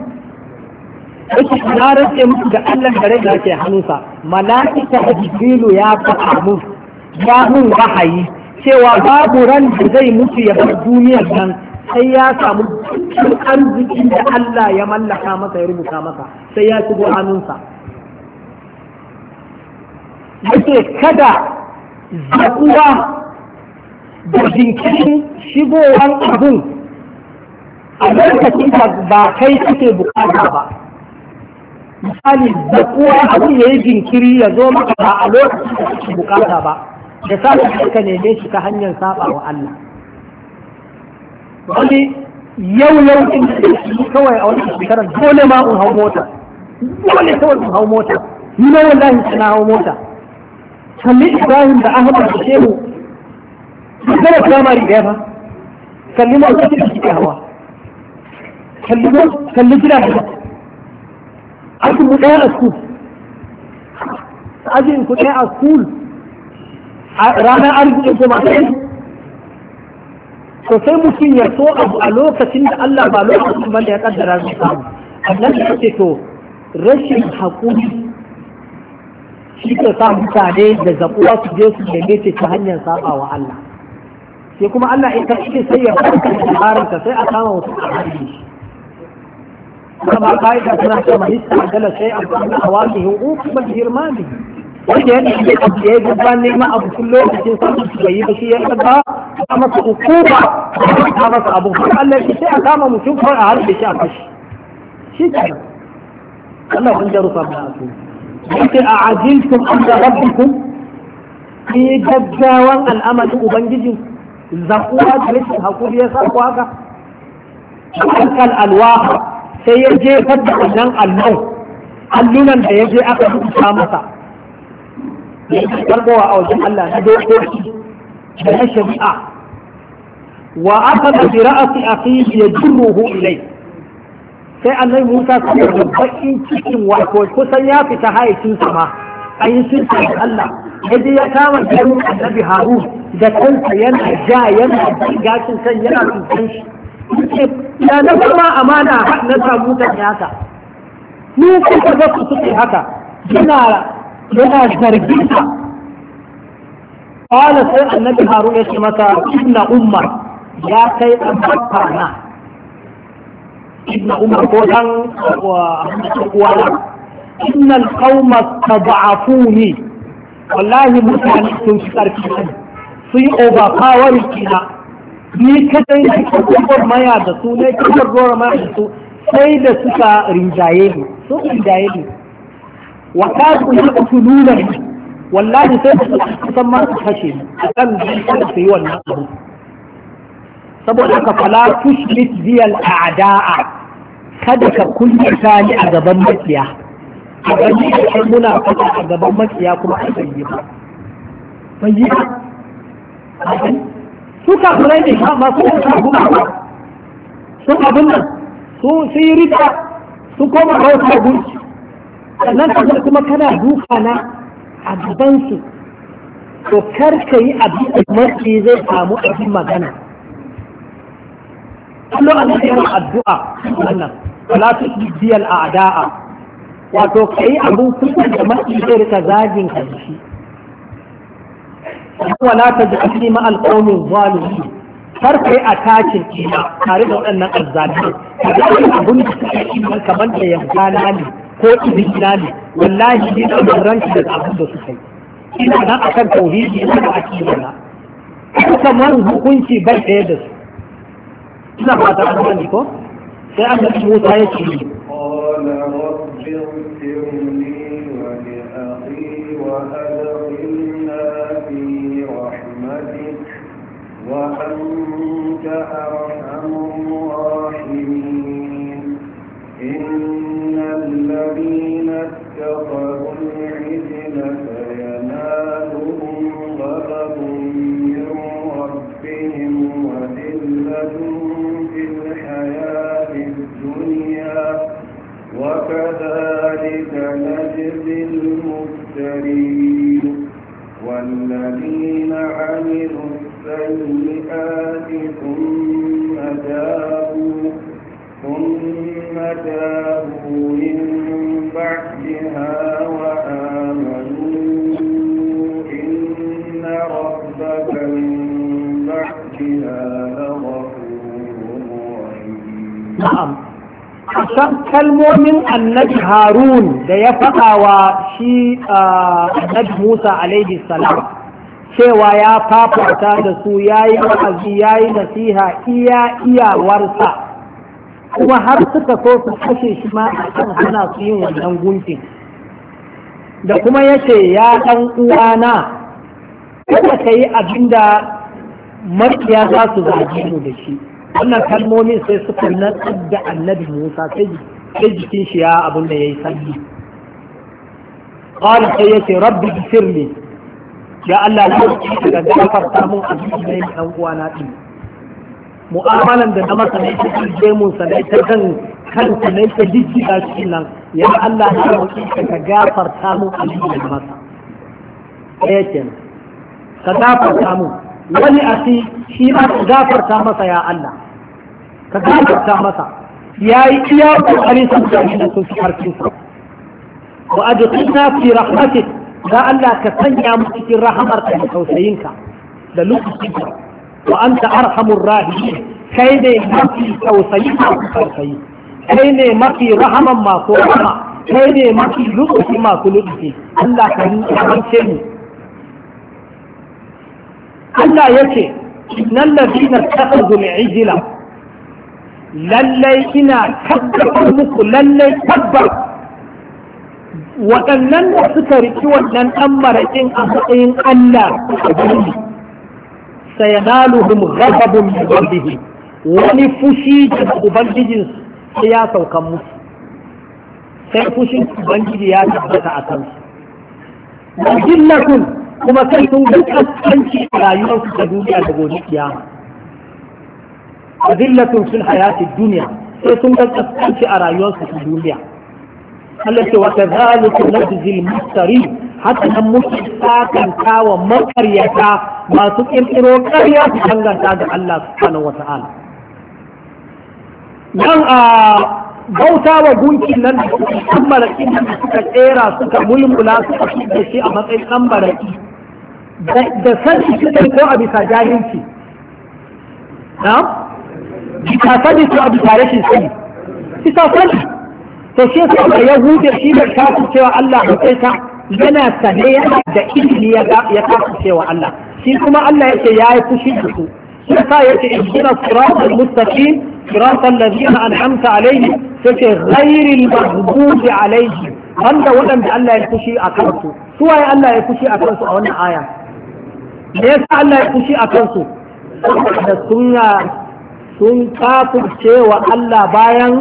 yake na rantsa muku da Allah da rai da ke hannunsa mala'ika jibrilu ya faɗa mu ya mun wahayi cewa babu ran da zai mutu ya bar duniyar nan sai ya samu dukkan arzikin da Allah ya mallaka masa ya rubuta masa sai ya shigo hannunsa yake kada zakuwa da jinkirin shigowar abin a lokacin da ba kai suke bukata ba misali zakuwa abin ya yi jinkiri ya zo maka ba a lokacin da suke bukata ba da sa suka neme shi ta hanyar saba wa Allah wani yau yau din da kawai a wani shekarar dole ma in hau mota dole kawai in hau mota ni ma wallahi na hau mota kalli ibrahim da ahmad da shehu duk da firamare ɗaya ba, kalli ma wasu da suke hawa kalli gida da ajin mu ɗaya a school ajin ku ɗaya a school ranar arziki ko masu yanzu to sai mutum ya so abu a lokacin da Allah ba lokacin ba da ya kaddara zai samu annan da ce to rashin haƙuri shi ke sa mutane da zakuwa su je su gane ce ta hanyar saba wa Allah sai kuma Allah in ka shi sai ya farka da tsarin ka sai a kama wasu a hanyar shi kama ka'ida suna ce manista dala sai a kama a wani hu kuma girma ne wanda ya nemi abu da ya gaba neman abu kun lokacin samun su bai yi ba shi ya gaba a masa hukuma a masa abu har Allah shi sai a kama mutum kawai a harbe shi a kashi shi ke nan Allah kun jarusa ba a tuni yake a ajiltum an da rabbikum ki gaggawan al'amarin ubangiji zakuwa da rashin hakuri ya sa haka alkal alwaha sai ya jefar da wannan allon allunan da ya je aka rubuta masa ya yi karbowa a wajen Allah na dokoki da na shari'a wa aka da bi ra'asi akhihi yajruhu ilayhi sai annai musa su da baƙin cikin wato kusan ya fita hayacinsa ma a yi shirka da allah yadda ya kama jirgin annabi harun da kansa yana ja yana gashin kan yana tutan shi ya na kuma amana na samu kan haka ni kuka ga ku suke haka yana yana zargin sa قال ya النبي هارون يسمى ابن أمر يا سيد أمر ibn umar ko dan uwana innal qauma tad'afuni wallahi mutane sun fi karfi sun yi overpowering kina ni kadai da kafar maya da su ne kafar gora maya da su sai da suka rinjaye ni sun rinjaye ni wa kasu wallahi su kashe a kan da yi wannan saboda a'da'a kada ka kulle ni a gaban makiya a gaban kai muna fata a gaban makiya kuma an yi ba ban yi ba su kula ne ba ma su ka guba ba su abin nan su su yi rika, su koma bauta gunki sannan ka kuma kana duka na a gaban su to kar ka yi abin da mafi zai samu abin magana Allah Allah ya yi addu'a wannan wala tu biyal a'da'a wato ka yi abun kuɗi da maki zai rika zagin ka shi wala ta ji asli ma alƙaumin zalimi kar kai a takin ina tare da waɗannan azzalimi ka ga abun da suka yi kamar da yankana ne ko ibina ne wallahi ne da ranki da abin da suka yi ina nan a kan tauhidi ina da aƙida na kamar hukunci bai ɗaya da su ina fata an sani ko كان مشهود هاي طيب. الشيء قال رب اغفرني ولأخي وأدخلنا في رحمتك وأنت أرحم الراحمين إن الذين اتقوا العجل فينالهم غضب من ربهم وذلة في الحياة وكذلك نجزي المفترين والذين عملوا السيئات ثم تابوا ثم تابوا من بعدها وآمنوا إن ربك من بعدها لغفور رحيم نعم san kalmomin annabi harun da ya faɗa wa shi annabi musa alaihi salam cewa ya fafata da su ya yi wa'azi ya yi nasiha iya iyawarsa kuma har suka so su kashe shi ma a kan hana su yin wannan guntin, da kuma ya ce ya ɗan uwana kada ka yi abin da mafiya za su zage mu da shi wannan kalmomin sai suka natsar da annabi musa sai jikin shi ya abin da ya yi sanyi ƙwari sai ce, rabbi bisirni ya Allah ya yi daga gafar samun abin da ya yi ɗan uwa na ɗin mu'amalan da na masa na ita kan jemun sa na kan kanta na ita jijjiga cikin nan ya Allah ya roƙi daga gafar samun abin da ya masa ɗaya kenan ka gafarta mun wani a shi ma gafarta masa ya Allah ka gafarta masa ya yi iya kokarin sa da shi da sun fi harkin sa wa adkhilna fi rahmatik da Allah ka sanya mu cikin rahamar ka da tausayin ka da lokacin ka wa anta arhamur rahimin kai ne mafi tausayi masu tausayi kai ne mafi rahaman masu rahama kai ne mafi lokaci masu lokaci Allah ka yi kamance mu Allah yake innal ta takhudhu al-ijla lallai ina tabbatar muku lallai tabbar waɗannan da suka riki waɗannan ɗan maraƙin a matsayin Allah a gani sayanaluhum ghadabun min rabbihi wani fushi da ubangijin sai ya saukan musu sai fushin ubangiji ya tabbata a kansu wa jillakum kuma sai sun ga kaskanci a rayuwarsu da duniya da gobe kiyama azillatun fil hayati duniya sai sun ga kaskanci a rayuwarsu ta duniya Allah ce wata zalika najzil mustari haka nan muke sakanta wa makaryata masu kirkiro karya su danganta ga Allah subhanahu wata'ala nan a bauta wa gunkin nan da suka kammala da suka tsera suka mulmula suka fi da shi a matsayin kambaraki da sani shi suka ko a bisa jahilci na'am bisa sani ko a bisa rashin sani bisa sani to shi yasa da yahudiya shi da kasu cewa Allah ba sai ta yana sane yana da ilimi ya kasu cewa Allah shi kuma Allah yake yi fushi da su yasa yake ihdina siratal mustaqim siratal ladzina an'amta alaihim sai ghairil maghdubi alaihim wanda waɗanda Allah ya fushi a kansu su waye Allah ya fushi a kansu a wannan aya me yasa Allah ya fushi a kansu da sunna sun kafirce wa Allah bayan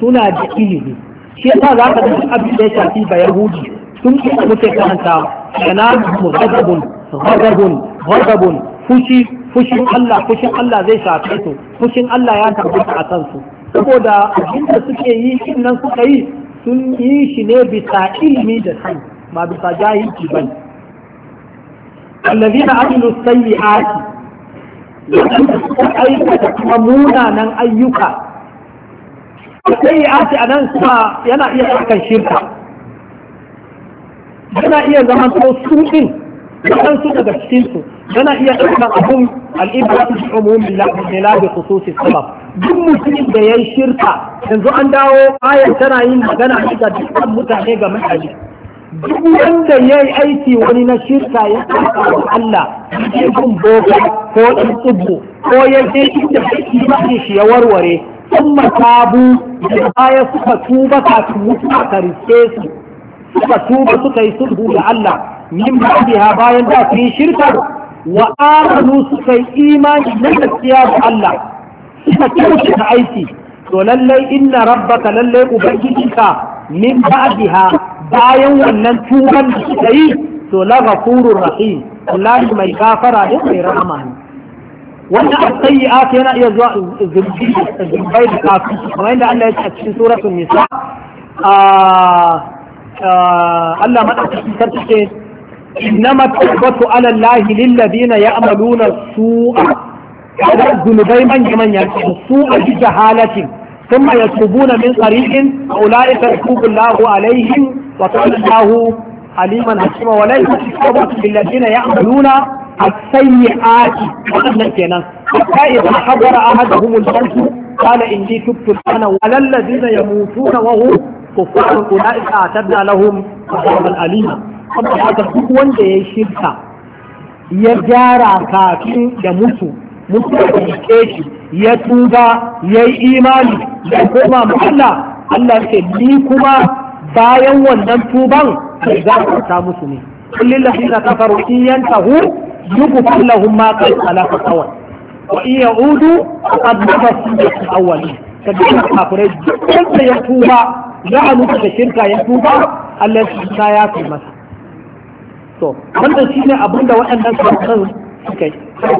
suna da ilimi shi yasa za ka ga abin da ya shafi ba yahudi sun ce muke karanta kana ghadabun ghadabun ghadabun fushi fushin Allah fushin Allah zai shafe su fushin Allah ya tabbata a kansu saboda abin da suke yi shin nan suka yi sun yi shi ne bisa ilimi da sani ba bisa jahilci bane الذين عملوا السيئات aikata munanan ayyuka sai ya ake a nan suna yana iya ɗaukar shirka yana iya zama ko suɗin kan su daga cikin su yana iya ɗaukar abun al'ibratu bi umumin bi khususi sabab duk mutumin da yayi shirka yanzu an dawo ayar tana yin magana ne ga dukkan mutane ga mutane duk wanda ya yi aiki wani na shirka ya kasa wa Allah ya kun boka ko ɗan tsibbo ko ya je inda kake ba shi ya warware sun matabu da baya suka tuba kafin mutuwa ka riske su suka tuba suka yi sulhu da Allah min biha bayan da su yi shirka wa amanu suka yi imani na gaskiya da Allah suka kyauta aiki to lallai inna rabbaka lallai ubangijinka min ba'diha bayan wannan tuban da suka yi to la ghafurur rahim wallahi mai gafara ne mai rahama ne wannan as-sayyi'at yana iya zuwa zulbi zulbai da kafin kamar yadda Allah ya ce a cikin suratul nisa Allah madaukakin sarki ce إنما التوبة على الله للذين يعملون su'a, على zunubai manya يمن su'a السوء بجهالة ثم يتوبون من قريب أولئك يتوب الله عليهم وكان الله عليما حكيما وليس التوبة للذين يعملون السيئات وأنا كنا حتى إذا حضر أحدهم الموت قال إني تبت الآن ولا الذين يموتون وهم كفار أولئك أعتدنا لهم عذابا أليما saboda haka duk wanda ya shirka ya gyara kafin da mutu mutum da ke shi ya tuba ya yi imani ya koma ma Allah Allah ce ni kuma bayan wannan tuban sai za ku ta musu ne kullin lahina kafaru in yantahu yughfar lahum ma qad salafa kawai wa in ya'udu qad nafasu bil awwalin kaga kafirai duk da ya tuba la'anu da shirka ya tuba Allah shi ya kai masa to wannan shine abinda waɗannan sun kai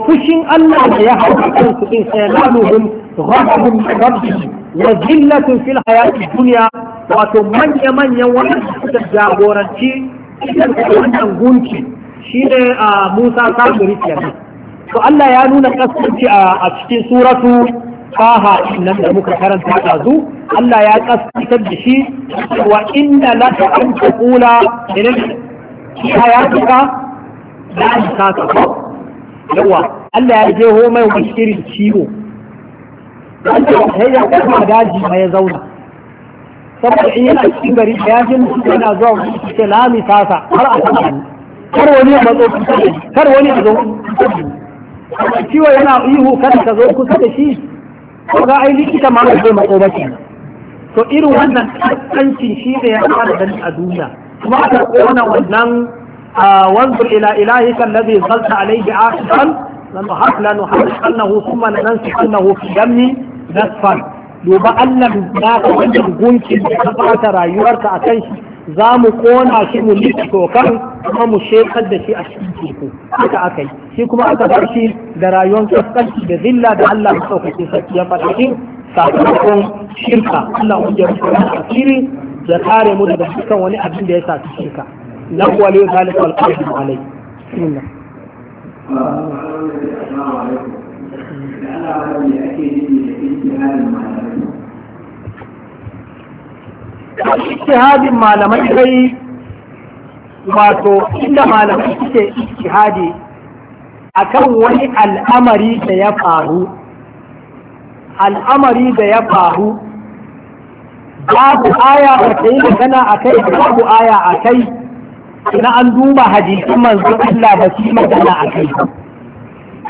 fushin Allah da ya hau kan su din sai laluhum rabbi wa zillatun fil hayati dunya wato manya manyan wannan suka jagoranci idan wannan gunki shine a Musa kafiri kenan to Allah ya nuna kasance a cikin suratu Taha nan da muka karanta ɗazu Allah ya kaskantar da shi wa inda la ta an kula da ya tuka da ta yawa Allah ya jeho mai wani irin ciwo sai ya kama daji mai zauna saboda in yana cikin gari da ya jin yana zuwa wani ce lami sasa har a kan kar wani ya matso kar wani ya zo ciwo yana ihu kada ka zo kusa da shi ko ga ai likita ma zai matso ba ke to irin wannan kaskancin shi ne ya fara gani a duniya kuma aka kona wannan وانظر إلى إلهك الذي ظلت عليه عاكفا لنحرقنه ثم لننسفنه في دمي نسفا duba Allah na ka wannan gunkin da ka bata rayuwarka a kan shi za mu kona shi mu liki tokan kuma mu shekar da shi a cikin teku haka aka yi shi kuma aka bar da rayuwar kaskanci da zilla da Allah ya ya faɗa shi shirka Allah ya asiri ya kare mu da dukkan wani abin da ya sa shirka نحو ولي ذلك والقادم عليه بسم الله Ijtihadin malamai dai wato inda malamai suke ijtihadi akan wani al'amari da ya faru al'amari da ya faru babu aya a kai da kana a kai babu aya a kai na an duba hadisin manzon Allah ba shi magana a kai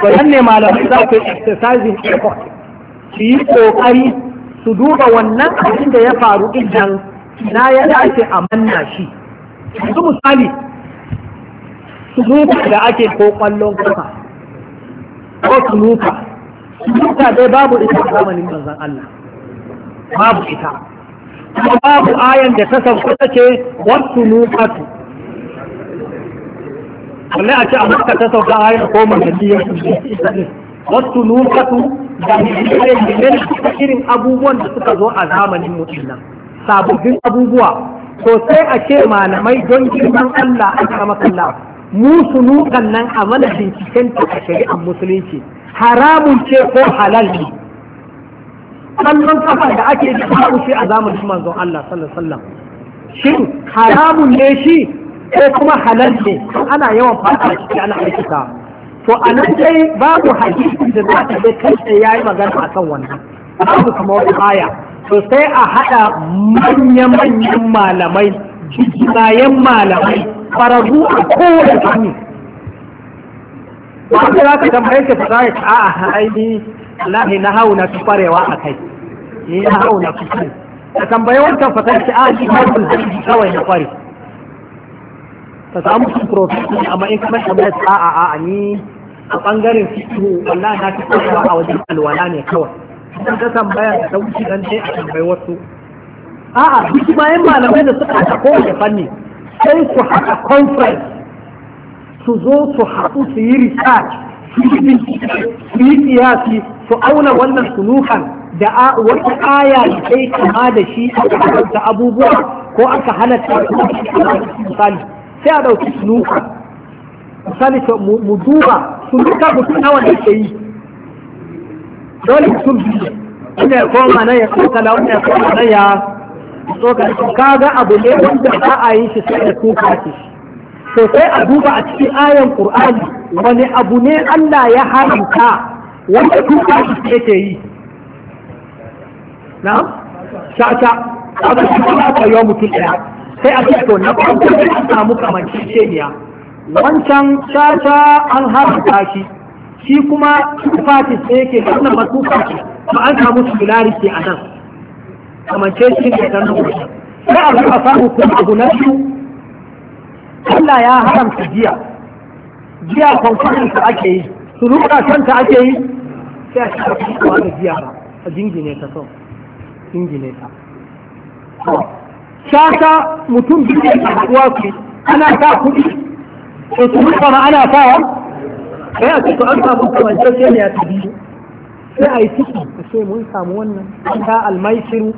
Ba nan ne malamai za ku yi exercising effort su yi kokari su duba wannan abin da ya faru idan na ya dace a manna shi yanzu misali sunuka da ake ko kwallon kafa ko sunuka sunuka dai babu ita zamanin manzon Allah babu ita babu ayan da ta sauka ce wasu nufatu. balle a ce a maka ta sauka yi koma da ya wasu nukatu da miliyan irin abubuwan da suka zo a zamanin mutum nan sababbin abubuwa sosai a ce malamai don girman Allah a kalla mu sunukan nan a mana binciken ta a shari'ar musulunci haramun ce ko halal ne sannan kafa da ake da a zamanin manzon Allah sallallahu alaihi wasallam shin haramun ne shi ko kuma halal ne ana yawan fata ciki ana aikata to a nan dai babu hadisi da za ta je kai tsaye yayi magana akan wannan babu kuma wata aya to sai a hada manyan manyan malamai jijimayen malamai fararru a kowane fanni wanda za ka tambaye ka fara ya a haini lahi na hau na fi kwarewa a kai ni eh, na hau na fi ka tambaye wancan fasar ki a ji hau kawai na kware ka samu su profession amma in kamar kamar mai sa'a a ni a bangaren fito wallahi na fi kowa a wajen alwala ne kawai idan ta tambaya da wuce dan sai a tambayi wasu a'a duk bayan malamai da suka ta kowace fanni sai ku haɗa conference su zo su haɗu su yi research su yi siyasi su auna wannan sunukan da wata aya kai kama da shi aka abubuwa ko aka halatta misali sai a ɗauki sunuka misali mu duba duka mutum nawa da ke yi dole sun biyu wanda ya koma nan ya na wanda ya koma nan ya tsokala kaga abu ne wanda za a yi shi sai da kuka ce to sai a duba a cikin ayan qur'ani wani abu ne Allah ya haramta wanda kuka shi yake yi na sha kaga shi kuma ta yi mutum ɗaya sai a ce na farko sai an samu kamancin sheniya wancan shata an haramta shi shi kuma tufati sai yake da wannan matufa ba an samu ke a nan kamance shi ne dan nan sai a zuwa samu kuma abu na su Allah ya haramta jiya jiya kwamfanin ta ake yi su rubuta ta ake yi sai a shi ba da jiya ba a jingine ta so jingine ta shata mutum biyu a haɗuwa su ana sa kuɗi to su mutu ma ana wa? sai a cikin an samu kamantacce ne a tabi sai a yi ciki a ce mun samu wannan ta almaishiru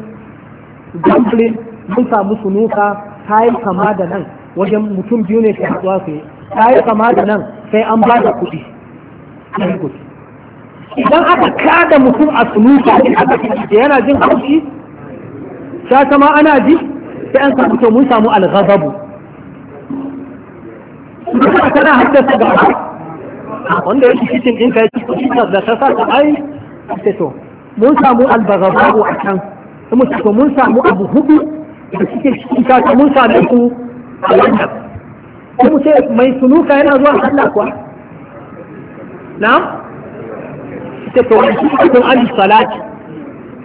gambling mun samu sunuka ta yi kama da nan wajen mutum biyu ne ke haɗuwa su ta yi kama da nan sai an ba da kuɗi idan aka kada mutum a sunuka ne aka yana jin kuɗi? shata ma ana ji sai an samu mun samu al kuma kana haddasa ga wanda yake cikin din kai da ta sa ta ai sai to mun samu al a can kuma to mun samu abu hudu da cikin cikin ka mun samu ku kuma sai mai sunuka yana zuwa Allah kuwa na'am sai to wani cikin al-salati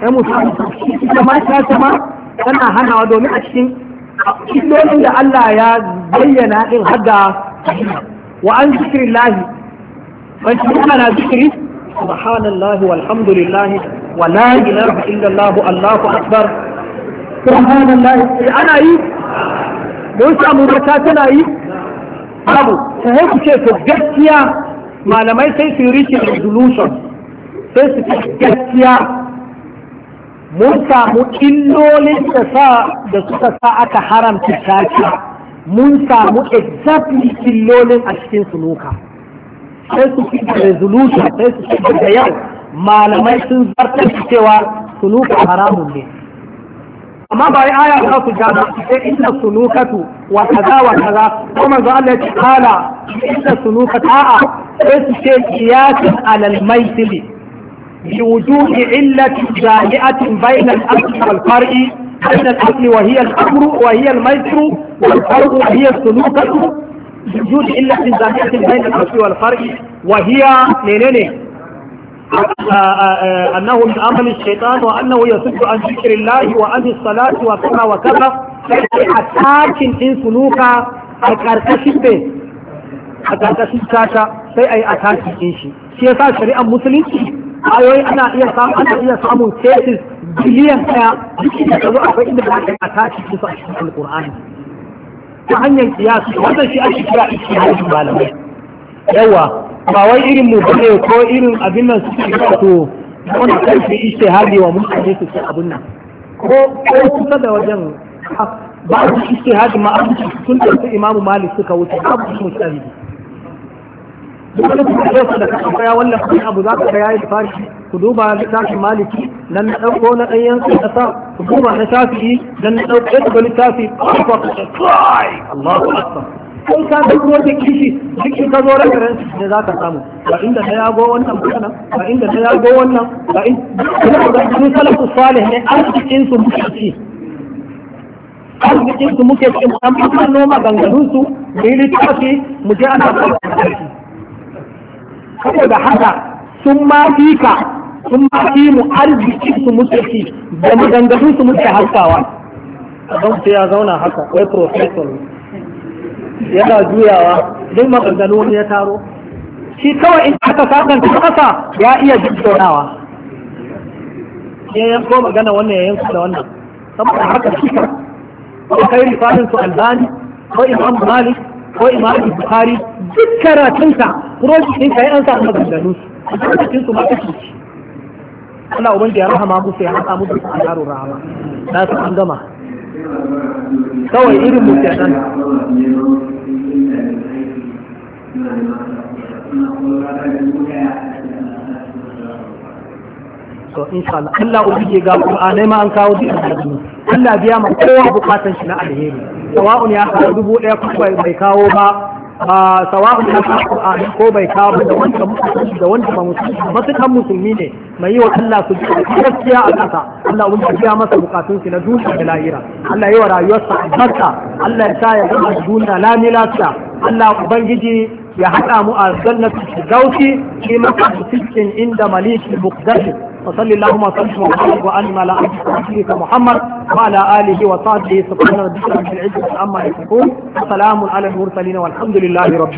ai mutum ita ma ta sama tana hanawa domin a cikin illolin da Allah ya bayyana din hadda wa an zikirin lahi wani cikin ana zikiri subhanallah walhamdulillah wa la ilaha illallah allahu akbar subhanallah eh, ana yi don samu mata tana yi abu sai ku ce to gaskiya malamai sai su yi rikin resolution sai su ce gaskiya mun samu illolin da sa da suka sa aka haramta caca mun samu exactly illolin a cikin sunuka sai su fi da resolution sai su fi da yau malamai sun zartar su cewa sunuka haramun ne amma ba aya za su gana sai inda sunukatu wa kaza wa kaza ko manzo Allah ya ce kala inda sunukata a'a sai su ce qiyasan alal maitili بوجود علة جامعة بين الأصل والفرع بين الأصل وهي الأمر وهي الميسر والفرع وهي السلوكة بوجود علة جامعة بين الأصل والفرع وهي منين آه، آه، آه، أنه من أمل الشيطان وأنه يصد عن ذكر الله وعن الصلاة وكذا وكذا أتاكن إن سلوكا أكاركشن به أكاركشن كاشا سيأي أتاكن إن شيء شيء شريعة ayoyi ana iya samun ana iya samun cases biliyan daya duk inda ka zo akwai inda za ka a tashi su a cikin alqur'ani ta hanyar kiyasi wanda shi ake kira ijtihadin malamai yawa ba wai irin mu bane ko irin abin nan suke kira to wanda kai shi ijtihadi wa mutane su ce abin nan ko ko kusa da wajen ba su ijtihadi ma abin sun da su imamu malik suka wuce abu mujtahidi duk wani kuma da ka tambaya wannan kuma abu za ka ga yayi fashi ku duba littafin maliki dan na dauko na ɗayan su ƙasa ku duba na shafi'i nan na dauko ya tuba littafi kai Allahu akbar kai ka duk wanda kishi duk ka zo reference ne za ka samu ba inda ta yago wannan bukana ba inda ta yago wannan ba inda ba su salafu salih ne arzikin su muke ci arzikin su muke ci an fara noma gangarun su mu yi littafi mu je ana fara saboda haka sun ma ka sun ma fi mu arziki su muke ci da maganganun su muke haskawa don su ya zauna haka wai professor yana juyawa duk maganganu wani ya taro shi kawai in aka ta kasa ya iya jiddonawa ya ko magana wannan ya yanko da wannan saboda haka shi kai rifarin su albani ko imam malik ko imam bukhari duk karatunsa project ɗinka ya an samu maganganu a cikin su ma kashi Allah ubangi ya rahama musu ya haka musu a yaro rahama da su an gama kawai irin mu ke nan to insha Allah Allah ubangi ga Qur'anai ma an kawo duk Allah biya ma kowa bukatun shi na alheri sawa'un ya kawo dubu ɗaya ko bai kawo ba a sawa'un ya kawo a ko bai kawo ba da wanda musulmi da wanda ba musulmi matukan musulmi ne mai yi wa Allah su ji gaskiya a ƙasa Allah ubin biya masa bukatun shi na duniya da lahira Allah yi wa rayuwarsa albarka Allah ya sa ya gama duniya lami lafiya Allah ubangiji ya haɗa mu a zannatu shi gauki shi maka cikin inda malikin mukdashin وصل اللهم محمد وبارك ما لا عبدك محمد وعلى اله وصحبه سبحان ربك رب العزه عما يصفون وسلام على المرسلين والحمد لله رب